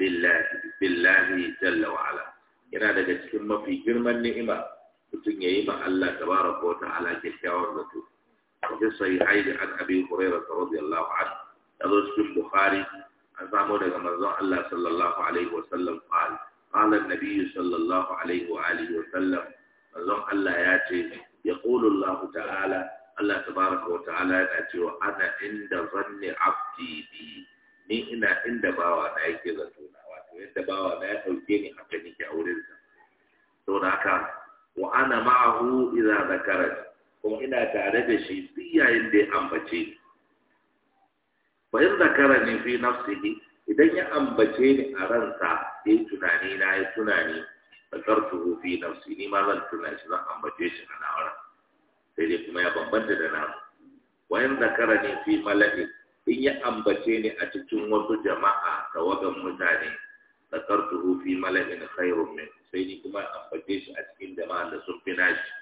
Speaker 1: lillahi billahi jalla wa ala yana daga cikin mafi girman ni'ima mutum yayi ma Allah tabaraka wa ta'ala kyakkyawan zato fi sahihaini an abi hurairah radiyallahu anhu yazo cikin bukhari an samu daga manzon Allah sallallahu alaihi wa sallam qal qala an-nabiy sallallahu alaihi wa alihi wa sallam manzon Allah ya ce yaqulu Allah ta'ala Allah tabaraka wa ta'ala yana cewa ana inda zanni abdi bi ni ina inda bawa na yake zato na wato yadda bawa na ya ɗauke ni haka nake a wurin sa saboda ka! wa ana ma'ahu idza zakarani kuma ina tare da shi duk yayin da ya ambace ni fa in zakarani fi nafsihi idan ya ambace ni a ransa yi tunani na yayi tunani zakartuhu fi nafsi ni ma zan tuna shi zan ambace shi a nawara sai dai kuma ya bambanta da namu wayan zakara ne fi mala'i in ya ambace ne a cikin wasu jama'a tawagan mutane zakartuhu fi mala'in khairun min sai ni kuma ambace shi a cikin jama'a da sun fi na shi. nashi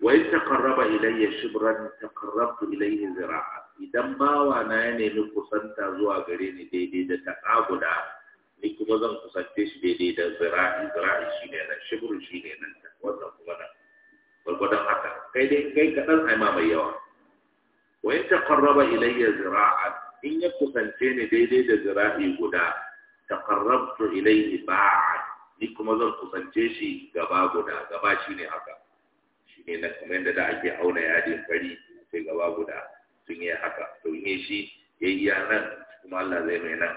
Speaker 1: wayan taqarraba ilayya shibran taqarrabtu ilayhi zira'a idan bawa na ya nemi kusanta zuwa gare ni daidai da ta guda ni kuma zan kusance shi daidai da zira'i zira'i shi ne nan shibru shi ne nan wannan kuma nan gwargwadon haka kai dai kai kaɗan ai ma mai yawa wa in karraba ilayya zira'a in ya kusance ni daidai da zira'i guda ta karrabtu ilayhi ba'a ni kuma zan kusance shi gaba guda gaba shi ne haka shi ne na kuma yadda da ake auna yadin fari sai gaba guda sun yi haka to yi shi ya yi nan kuma Allah zai mai nan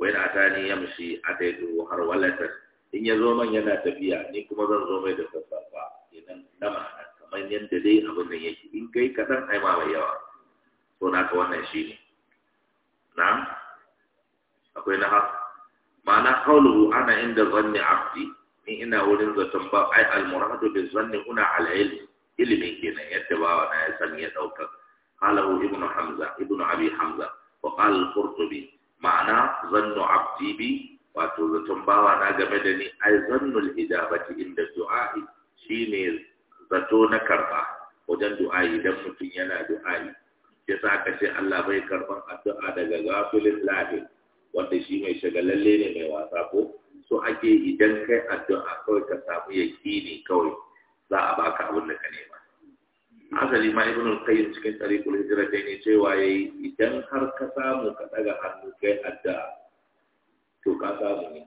Speaker 1: wa ta atani yamshi ataitu har walata in ya zo man yana tafiya ni kuma zan zo mai da sassafa idan na ma'ana kamar yadda dai abin nan yake in kai kaɗan ai ma mai yawa Ko na ka wannan shi ne na akwai na haka ma'ana kauluhu ana inda zanni abdi ni ina wurin zaton ba ai almuradu bi zanni una ala Ilimin kenan yadda bawa na ya san ya ɗaukar qalahu ابن hamza ابن abi hamza وقال القرطبي al ma'ana zannu abdi bi wato zaton bawa na game da ni ai zannul ijabati inda du'a'i shine zato na karba wajen du'a'i idan mutum yana du'a'i ya sa ka ce Allah bai karban addu'a daga gafilin lahi wanda shi mai shagalalle ne mai wasa ko so ake idan kai addu'a kawai ka samu yaqini kawai za a baka abin da ka nema asali ma ibn al-qayyim cikin tariqul hijra da ne cewa yayi idan har ka samu ka daga hannu kai adda to ka samu ne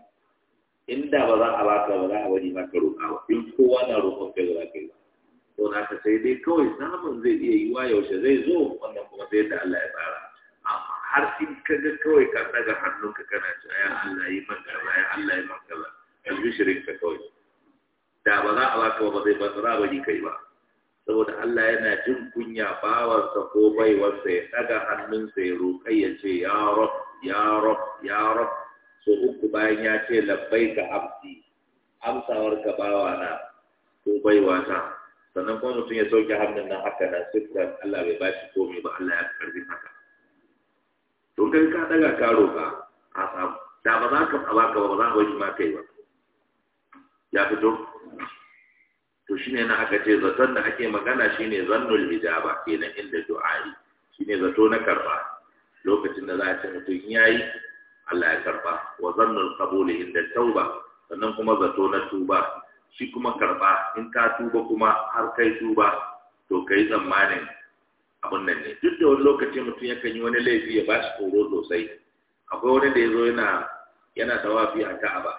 Speaker 1: inda ba za a baka ba za a wani maka roƙa ba in kowa na roƙon kai za ka yi ba to na ka sai dai kawai samun zai iya yiwa yaushe zai zo wannan kuma sai da Allah ya tsara amma har in ka ga kawai ka daga hannunka kana cewa ya Allah yi maka ba ya Allah yi maka kaza yanzu shirin ka kawai da ba za a baka ba zai ba tsara a ni kai ba saboda Allah yana jin kunya bawarsa ko baiwarsa ya daga hannunsa ya roƙa ya ce ya rob ya rob ya rob so uku bayan ya ce labbai ka abdi amsawar ka bawa na ko baiwa ta sannan kuma mutum ya sauke hannun nan haka nan sifran Allah bai ba shi komai ba Allah ya karbi haka to kai ka daga ka roƙa a samu da ba za ka ba ka ba za ka bar shi ma kai ba ya fito to shine na aka ce zaton da ake magana shine zannul hijaba kenan inda du'ai shine zato na karba lokacin da za a ce mutum yayi Allah ya karba wa zannul qabul inda tauba sannan kuma zato na tuba shi kuma karba in ka tuba kuma har kai tuba to kai tsammanin abin nan ne duk da wani lokaci mutum yakan yi wani laifi ya ba shi tsoro sosai akwai wani da ya zo yana yana tawafi a ka'aba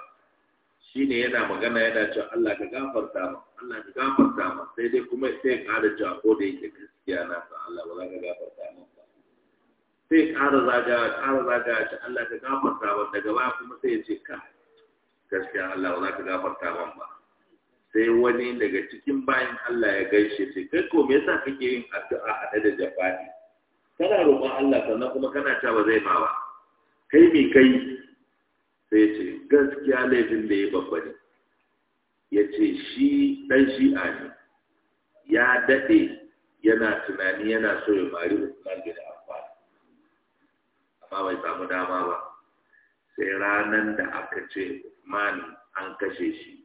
Speaker 1: shine yana magana yana cewa Allah ka gafarta ma Allah ka gafarta ma sai dai kuma sai ƙara cewa ko da yake gaskiya na san Allah ba za ka gafarta ma sai ƙara zaga ƙara zaga ce Allah ka gafarta ma daga baya kuma sai ya ce ka gaskiya Allah ba za ka gafarta ma ba sai wani daga cikin bayan Allah ya gaishe ce kai ko me yasa kake yin addu'a a da jafani kana roƙon Allah sannan kuma kana cewa ba zai ma ba kai me kai sai ce gaskiya laifin da ya babba ne ya ce shi ɗan shi'a ne ya daɗe yana tunani yana so ya mari Usman da amfani amma bai samu dama ba sai ranar da aka ce Usman an kashe shi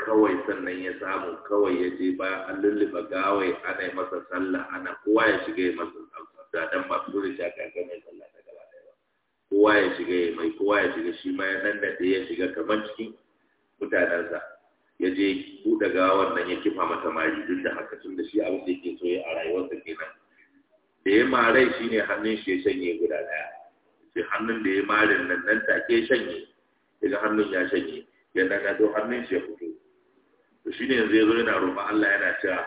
Speaker 1: kawai sannan ya samu kawai ya je ba an lullufa gawai ana yi masa sallah ana kowa ya shiga ya masa sallah da dan masu da shaka ga mai sallah kowa ya shiga ya mai kowa ya shiga shi ma ya nan da ɗaya ya shiga kamar cikin mutanensa ya je buɗe gawar nan ya kifa mata mari duk da haka tun da shi abin da yake so ya a rayuwarsa kenan da ya marai shi ne hannun shi ya shanye guda ɗaya sai hannun da ya marin nan nan take shanye daga hannun ya shanye ya zo hannun shi ya fito to shi ne yanzu ya zo yana roƙon Allah yana cewa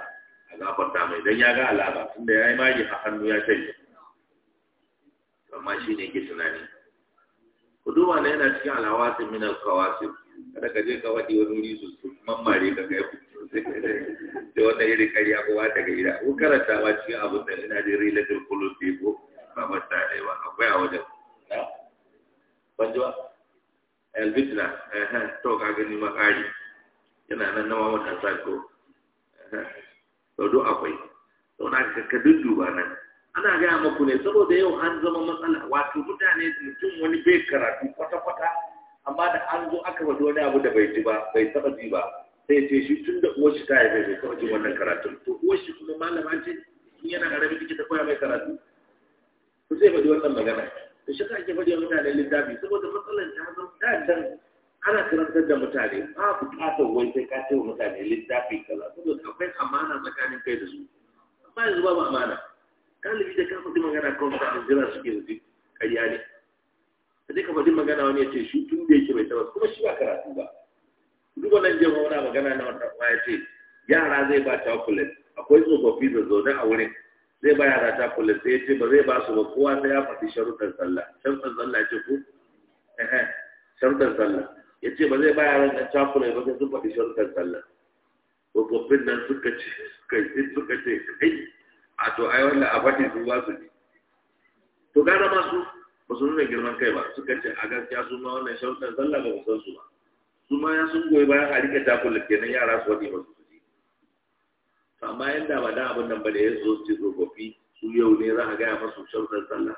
Speaker 1: a gafarta mai don ya ga alama tunda ya yi mari a hannu ya shanye amma shi ne ke tunani ku duba na yana cikin alawasin min alkawasir kada ka je ka wadi wani wuri su su mammare ka kai da wata irin karya ko ba ta gaira ko karanta ba cikin abin da ina da rilatul kulubi ko ba ta ne ba akwai a wajen banjo ji ba to ka gani makari yana nan na mamata sa ko to do akwai to na ka ka dudduba nan ana gaya maku ne saboda yau an zama matsala wato mutane mutum wani bai karatu kwata-kwata amma da an zo aka wani wani abu da bai ji ba bai taba ji ba sai ce shi tun da uwar shi ta yi bai taba ji wannan karatu. to uwar shi kuma malama ce in yana karami take ta koya mai karatu to sai faɗi wannan magana to shi ake faɗi mutane littafi saboda matsalar ta zama ta dan ana karantar da mutane ba bukatar wai sai ka ce wa mutane littafi kaza saboda akwai amana tsakanin kai da su amma yanzu babu amana galibi da ka faɗi magana kawai sa'an jira suke yanzu ƙarya ne da duka faɗi magana wani ya ce shi tun da yake bai taɓa kuma shi ba karatu ba duk wannan jin wani magana na wannan ya ce yara zai ba chocolate akwai tsofaffi da zaune a wurin zai ba yara chocolate sai ya ce ba zai ba su ba kowa sai ya faɗi sharuɗan sallah sharuɗan sallah ce ko sharuɗan sallah ya ce ba zai ba yaran nan chocolate ba sai sun faɗi sharuɗan sallah tsofaffin nan suka ce suka ce suka ce kai a to ai wannan a fatin su ba su ne to gara ma su ba su nuna girman kai ba suka ce a gaskiya su ma wannan shautar sallah ba su su ba su ma ya sun goyi bayan a rike takulla kenan yara su wani ba su ji amma yanda ba da abin nan ba da ya zo ce tsofaffi su yau ne za a gaya masu shautar sallah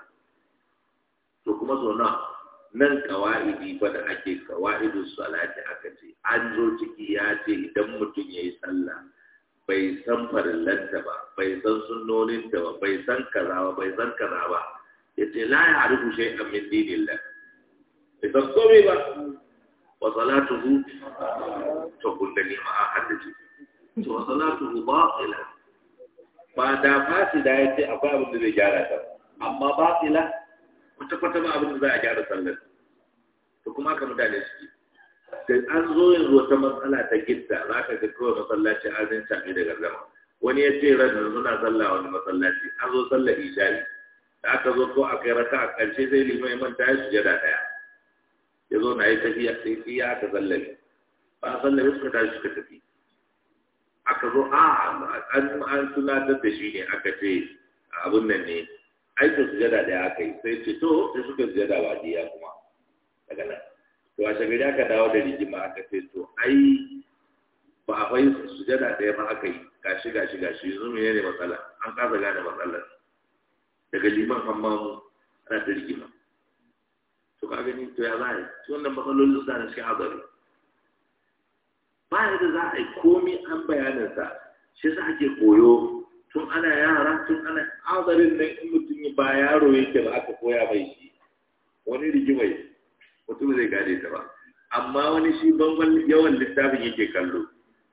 Speaker 1: to kuma so na nan kawa'idi fa da ake kawa'idu salati aka ce an zo ciki ya ce idan mutum ya yi sallah bai san farillanta ba bai san sunnoninta ba bai san kaza ba bai san kaza ba ya ce la ya harifu shai an min dinillah bai san komai ba wa salatuhu ta kulle ma a haddace to wa salatuhu batila ba da da ya ce akwai abin da zai gyara ta amma batila kwata-kwata ba abin da za a gyara sallar to kuma ka mutane suke da an zo yanzu wata matsala ta gidda za ka ga kawai masallaci azin shafi da gargama. wani ya ce ran suna sallah wani masallaci an zo sallar isha'i da aka zo ko a kai raka a ƙarshe zai lima ya manta ya shiga da ɗaya ya zo na yi tafiya sai iya aka sallame ba a sallame suka tashi suka tafi aka zo a an an tunatar da shi ne aka ce abun nan ne aikin sujada ɗaya aka yi sai ce to sai suka sujada ba diya kuma daga nan to a shagari aka dawo da rigima aka ce to ai ba a su sujada ɗaya ma aka yi gashi gashi gashi yanzu mene ne matsala an kasa gane matsalar daga liman amma ana ta rigima to ka gani to ya za a yi to wannan matsalolin da na cikin azari ba da za a yi komi an sa shi sa ake koyo tun ana yara tun ana azarin nan in mutum ba yaro yake ba aka koya bai shi wani rigimai mutum zai gane ta ba amma wani shi bangon yawan littafin yake kallo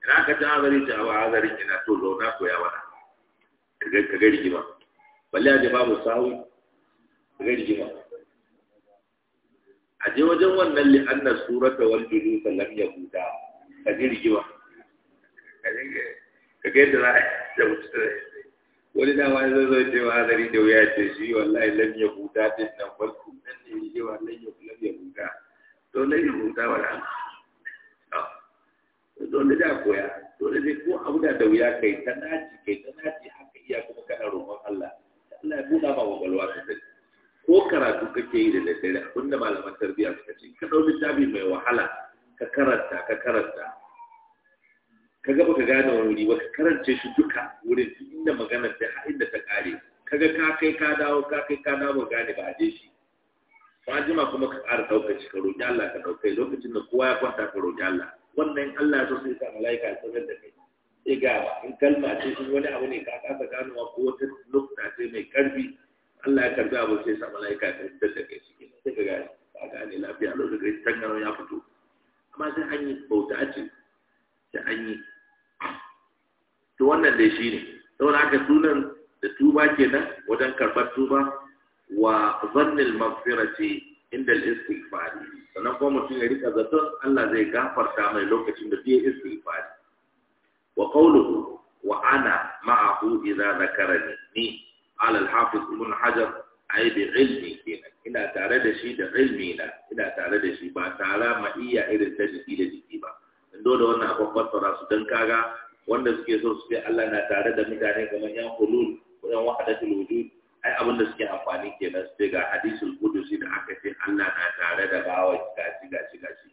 Speaker 1: ina ka ta hazari ta hawa azarin ina to zauna koya mana ka ga rigima balle a jaba babu sawu ka ga rigima a je wajen wannan annas surata wal ta lam huta. ka ga rigima ka ga yadda za a yi da mutum wani dama wani zai ce hadari da wuya ce shi wallahi lam ya huta din nan farko nan ne yake wa lam ya ya huta to ya huta wala ah. to dole da koya dole sai ko abu da wuya kai ta naci kai ta naci haka iya kuma kana roƙon Allah Allah ya buɗa ma gwagwalwa ta ko karatu kake yi da daddare abinda malaman tarbiyya suka ce ka ɗau littafi mai wahala ka karanta ka karanta ka ga baka gane wuri ba ka karance shi duka wurin duk inda maganar da har inda ta kare kaga ka kai ka dawo ka kai ka dawo gane ba a shi ba jima kuma ka ƙara ɗaukar shi ka roƙi Allah ka ɗaukai lokacin da kowa ya kwanta ka roƙi Allah wannan Allah ya so sai ka malaika ya sanar da kai sai ga in kalma ce in wani abu ne ka kasa ganowa ko wata nukta ce mai karfi Allah ya karɓi abu sai sa malaika ya sanar da kai shi sai ka gane ba gane lafiya lokacin da ya fito amma sai an yi bauta ce da an yi to wannan dai shi ne saboda haka sunan da tuba kenan wajen karɓar tuba wa zannil ce inda al sannan kuma mutum ya rika zaton Allah zai gafarta mai lokacin da zai istighfar wa qawluhu wa ana ma'ahu idza zakarani ni ala al-hafiz ibn hajar ai bi ilmi kenan ina tare da shi da ilmi na ina tare da shi ba tare ma iya irin ta jiki da jiki ba da wannan abin fassara su don kaga wanda suke so su ce Allah na tare da mutane kamar yan hulul ko yan wahdatul wujud ai abin da suke amfani kenan su ce ga hadisul qudusi da aka ce Allah na tare da bawa gaci-gaci-gaci.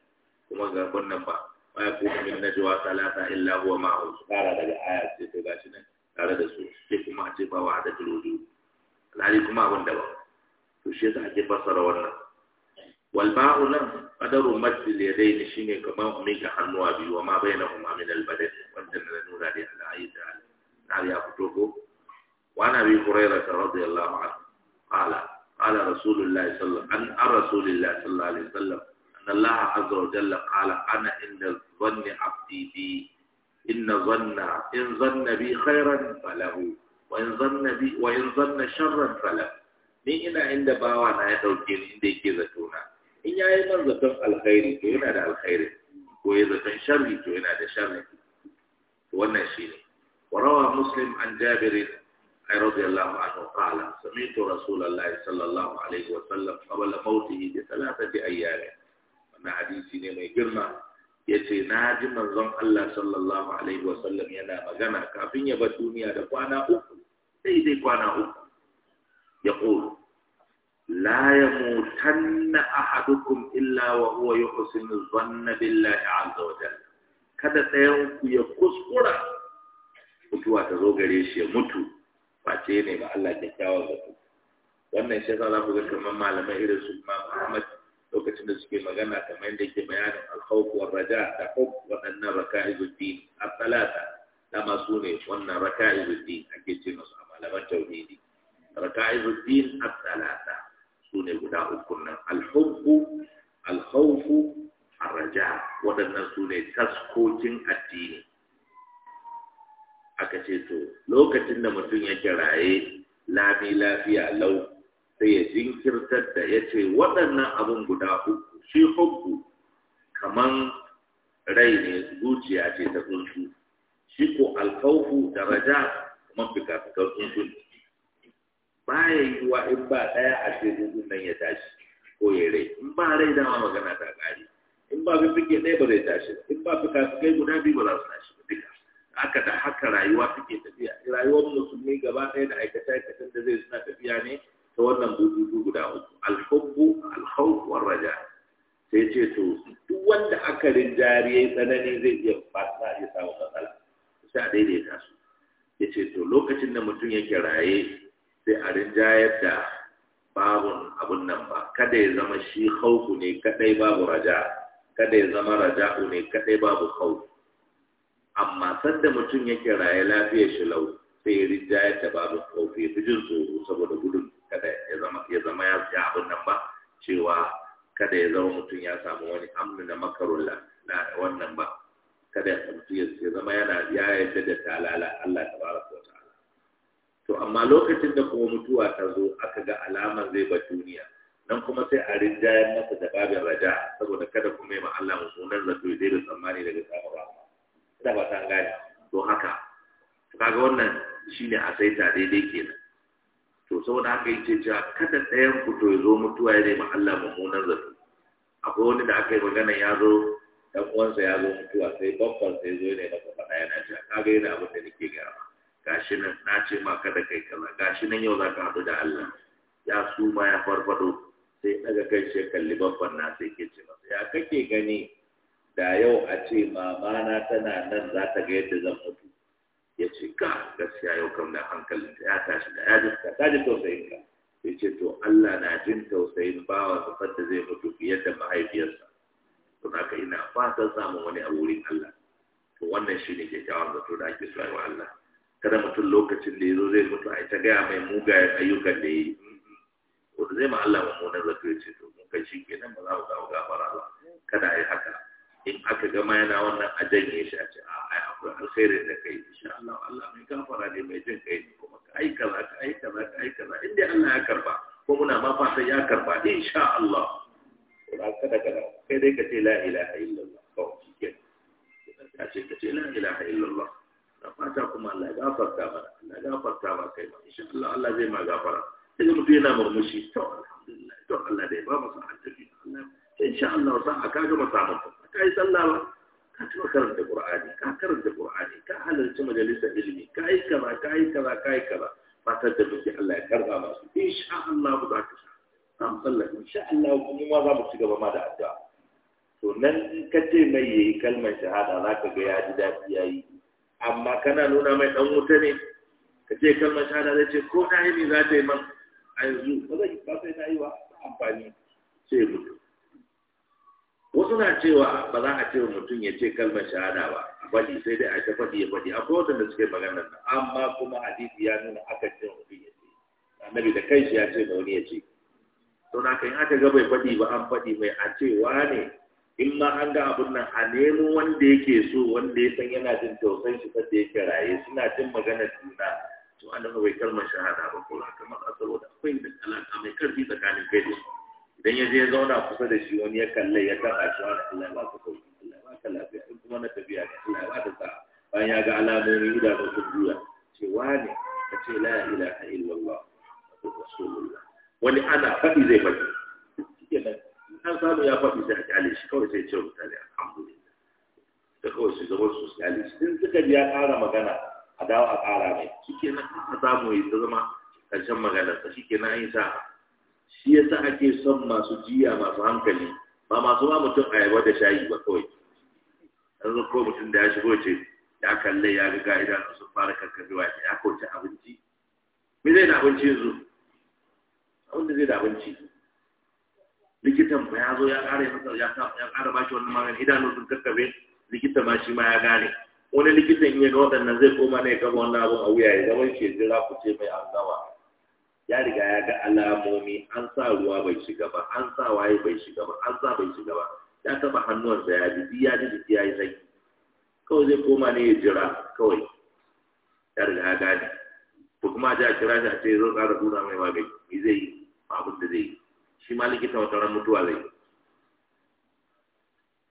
Speaker 1: kuma ga wannan ba ma ya kuma min najwa salata illa huwa ma'ahu tsara daga aya ce to gashi nan tare da su sai kuma a ce ba wahdatul wujud alhali kuma abin da ba to shi yasa ake fassara wannan wal ba'u nan qadaru madd al yadayn shine kamar mika hannuwa biyu wa ma bainahuma min al badal wanda na nuna da Allah ayi da Allah ya fito ko wa nabi hurairah radiyallahu anhu qala qala rasulullahi sallallahu alaihi wasallam an rasulillahi sallallahu alaihi wasallam أن الله عز وجل قال أنا إن ظن عبدي بي in ظن إن ظن بي wa in وإن ظن بي وإن ظن شرا فله ni ina inda bawa na ya dauke ni inda yake zato na. in ya yi man zaton alkhairi to yana da alkhairi ko ya zaton sharri to yana da sharri to wannan shi ne warawa muslim an jabirin رضي الله عنه قال سمعت رسول الله صلى الله عليه وسلم قبل موته بثلاثة أيام أنا حديثي نمي جرمه ya ce na ji manzon Allah sallallahu Alaihi wasallam yana magana kafin ya bar duniya da kwana uku sai dai kwana uku ya ƙoro la yamutanna ahadukum illa wa huwa yuhsinu dhanna billahi azza kada ɗayan ku ya kuskura mutuwa ta zo gare shi ya mutu face ne ba Allah da zato wannan shi yasa ku ga kamar malamai irin su Imam Ahmad lokacin da suke magana kamar yadda yake bayanin al-khawf wa raja da khawf waɗannan raka'izuddin al-thalatha dama su ne wannan raka'izuddin ake ce musu a malaman tauhidi raka'izuddin al-thalatha su ne guda uku nan alhubbu alhaufu arraja waɗannan su ne taskokin addini aka ce to lokacin da mutum yake raye lami lafiya lau sai ya jinkirtar da ya ce waɗannan abin guda uku shi hubbu kaman rai ne zuciya ce ta tsuntsu shi ko alhaufu daraja kuma fikafikan tsuntsu ba ya yi wa in ba ɗaya a ce nan ya tashi ko ya rai in ba rai dama magana ta ƙari in ba bin fike ɗaya ba zai tashi in ba fika kai guda biyu ba za su tashi ba duka haka da haka rayuwa take tafiya rayuwar musulmi gaba ɗaya da aikata aikatan da zai suna tafiya ne ta wannan bututu guda uku alhubbu alhawf wa raja sai ce to duk wanda aka rinjari yi tsanani zai iya fasa ya samu matsala sai a daidaita su ce to lokacin da mutum yake raye sai a rinjayar da babun abun nan ba kada ya zama shi khawfu ne kadai babu raja kada ya zama raja'u ne kadai babu khawf amma sanda mutum yake raye lafiyar shi lau sai ya rinjayar da babu khawf ya fi jin tsoro saboda gudun kada ya zama ya zama ya ji abun nan ba cewa kada ya zama mutum ya samu wani amnu na makarulla na wannan ba kada ya zama yana ya yarda da talala Allah ta baraka to amma lokacin da kuma mutuwa ta zo aka ga alaman zai ba duniya nan kuma sai a rinjayen masa da babin raja saboda kada kuma yi Allah mummunan zato ya da tsammani daga samun ba da ba ta gane to haka kaga wannan shine a saita daidai kenan to saboda haka yace cewa kada ɗayan ku to ya zo mutuwa ya ma Allah mummunan zato akwai wani da aka yi magana ya zo dan uwansa ya zo mutuwa sai babban sai zo ne kafa ɗaya yana cewa kaga yana abin da nake gara gashi nan na ce ma kada kai kaza gashi nan yau za haɗu da Allah ya suma ya farfado sai daga kai shi kalli babban na sai ke ce masa ya kake gani da yau a ce mama na tana nan za ta ga yadda zan mutu ya ce ka gaskiya yau kam da hankalin ya tashi da ya ka ta ji tausayin ka ya ce to Allah na jin tausayin bawa su da zai mutu fiye da mahaifiyarsa to haka ina fatan samun wani a wurin Allah to wannan shine ke kyawar da ake so Allah kada mutum lokacin da ya zo zai mutu a ta gaya mai mugayen ayyukan da ya yi mm-hmm. wanda zai ma Allah mummunan zafi ce to mun kai shi nan ba za mu kawo gafara ba kada a yi haka in aka gama yana wannan a janye shi a ce a ai akwai alkhairin da kai insha Allah Allah mai gafara ne mai jin kai ne kuma ka ai kaza ka ai kaza ka ai kaza inda Allah ya karba ko muna ma fatan ya karba insha Allah kuma kada kada kai dai ka ce la ilaha illallah kawai shi kenan ka ce ka ce la ilaha illallah da fata kuma Allah gafarta mana Allah gafarta ma kai ma insha Allah Allah zai ma gafara sai mutum yana murmushi to alhamdulillah to Allah dai ba mu sa'a ta biyu Allah insha Allah sa'a ka gama samun ka yi sallah ba ka ci karanta Qur'ani ka karanta Qur'ani ka halarci majalisar ilimi ka yi kaza ka yi kaza ka yi kaza fatar da muke Allah ya karba masu insha Allah ba za ka sha an sallah insha Allah mu ma za mu ci gaba ma da addu'a to nan in ka ce mai yayi kalmar shahada za ka ga ya ji daɗi ya yi amma kana nuna mai dan wuta ne ka ce kalmar shahada zai ce ko ta yi za ta yi man a yanzu ba zai ba sai na yi wa amfani ce mutu wasu na cewa ba za a ce wa mutum ya ce kalmar shahada ba a faɗi sai dai a ta faɗi ya faɗi kowace da suke magana nan amma kuma hadisi ya nuna aka ce mutum ya ce annabi da kanshi ya ce da wani ya ce to na kan aka ga bai faɗi ba an faɗi mai a ce wane in ma an ga abun nan a nemo wanda yake so wanda ya san yana jin tausayin shi da yake raye suna jin magana juna to an da bai kalmar shahada ba ko kamar masa da akwai da alaka mai karfi tsakanin kai da shi idan ya je ya zauna kusa da shi wani ya kalle ya ta shi wani Allah ba ka sauki Allah ba ka lafiya in kuma na tafiya da Allah ba ta sa bayan ya ga alamomin da ba su juya cewa ne ka ce la ilaha illallah wa rasulullah wani ana faɗi zai faɗi nan ta samu ya faɗi sai a kyale shi kawai sai ce mutane alhamdulillah da kawai su zama su kyale shi in suka ji ya ƙara magana a dawo a ƙara mai shi ke nan a samu ya ta zama ƙarshen maganarsa shi ke nan an yi sa shi ya sa ake son masu jiya masu hankali ba masu ba mutum a yaba da shayi ba kawai an yanzu ko mutum da ya shigo ce ya kalle ya ga idan sun fara karkarwa ya kauce abinci me zai da abinci yanzu abin zai da abinci likitan ba ya zo ya ƙara masa ya ya ƙara ba shi wannan magani idanun sun kakkabe likita ma shi ma ya gane wani likitan in ya ga waɗannan zai koma ne ya gama wannan abin a wuya ya zama shi ya jira ku ce mai an ya riga ya ga alamomi an sa ruwa bai shiga ba an sa waye bai shiga ba an sa bai shiga ba ya taba hannuwansa ya ji ya ji jiki ya yi sai kawai zai koma ne ya jira kawai ya riga ya gane Ko kuma a ji a kira shi a ce zan ƙara nuna mai magani me zai yi abin da zai yi shi ma likita wata ran mutuwa zai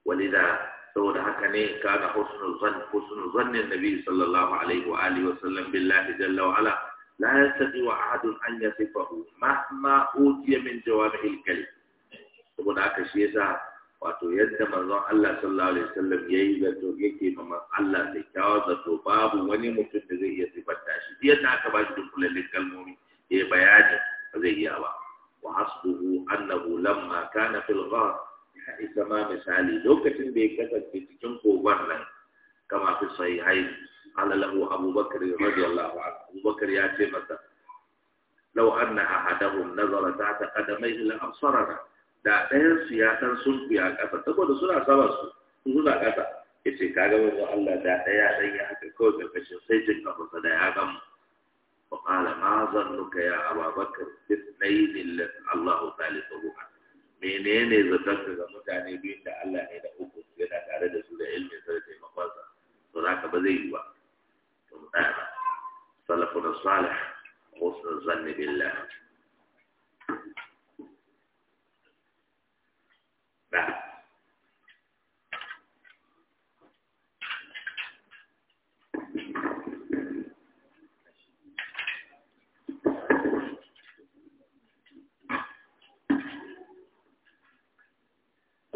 Speaker 1: walida saboda haka ne kana husnul zan husnul zannin nabi sallallahu alaihi wa alihi wa sallam billahi jalla wa ala la yastati wa ahadun an yasifahu mahma utiya min jawami'il kalim saboda haka shi yasa wato yadda manzon Allah sallallahu alaihi wasallam yayi zato yake ma Allah da kyawar zato babu wani mutum da zai iya sifanta shi yadda aka ba shi dukkan kalmomi ya bayani ba zai iya ba وحسبه أنه لما كان في الغار isa ma misali lokacin da ya kasance cikin kogon nan kama fi sahihai alalahu abubakar radiyallahu anhu abubakar ya ce masa law anna ahadahum nazara tahta qadamayhi la da ɗayan su ya san sun kuya ƙasa saboda suna sama su suna ƙasa yace kaga wannan Allah da ɗaya ɗan ya haka kawai karkashin sai jin kafarsa da ya gamu فقال ما ظنك يا أبا بكر باثنين الذي الله ثالثهما menene zaton ga mutane biyun da Allah ne da uku yana tare da su da ilmin sa da taimakonsa to za ka ba zai yi ba to tsaya ba salih zanni billah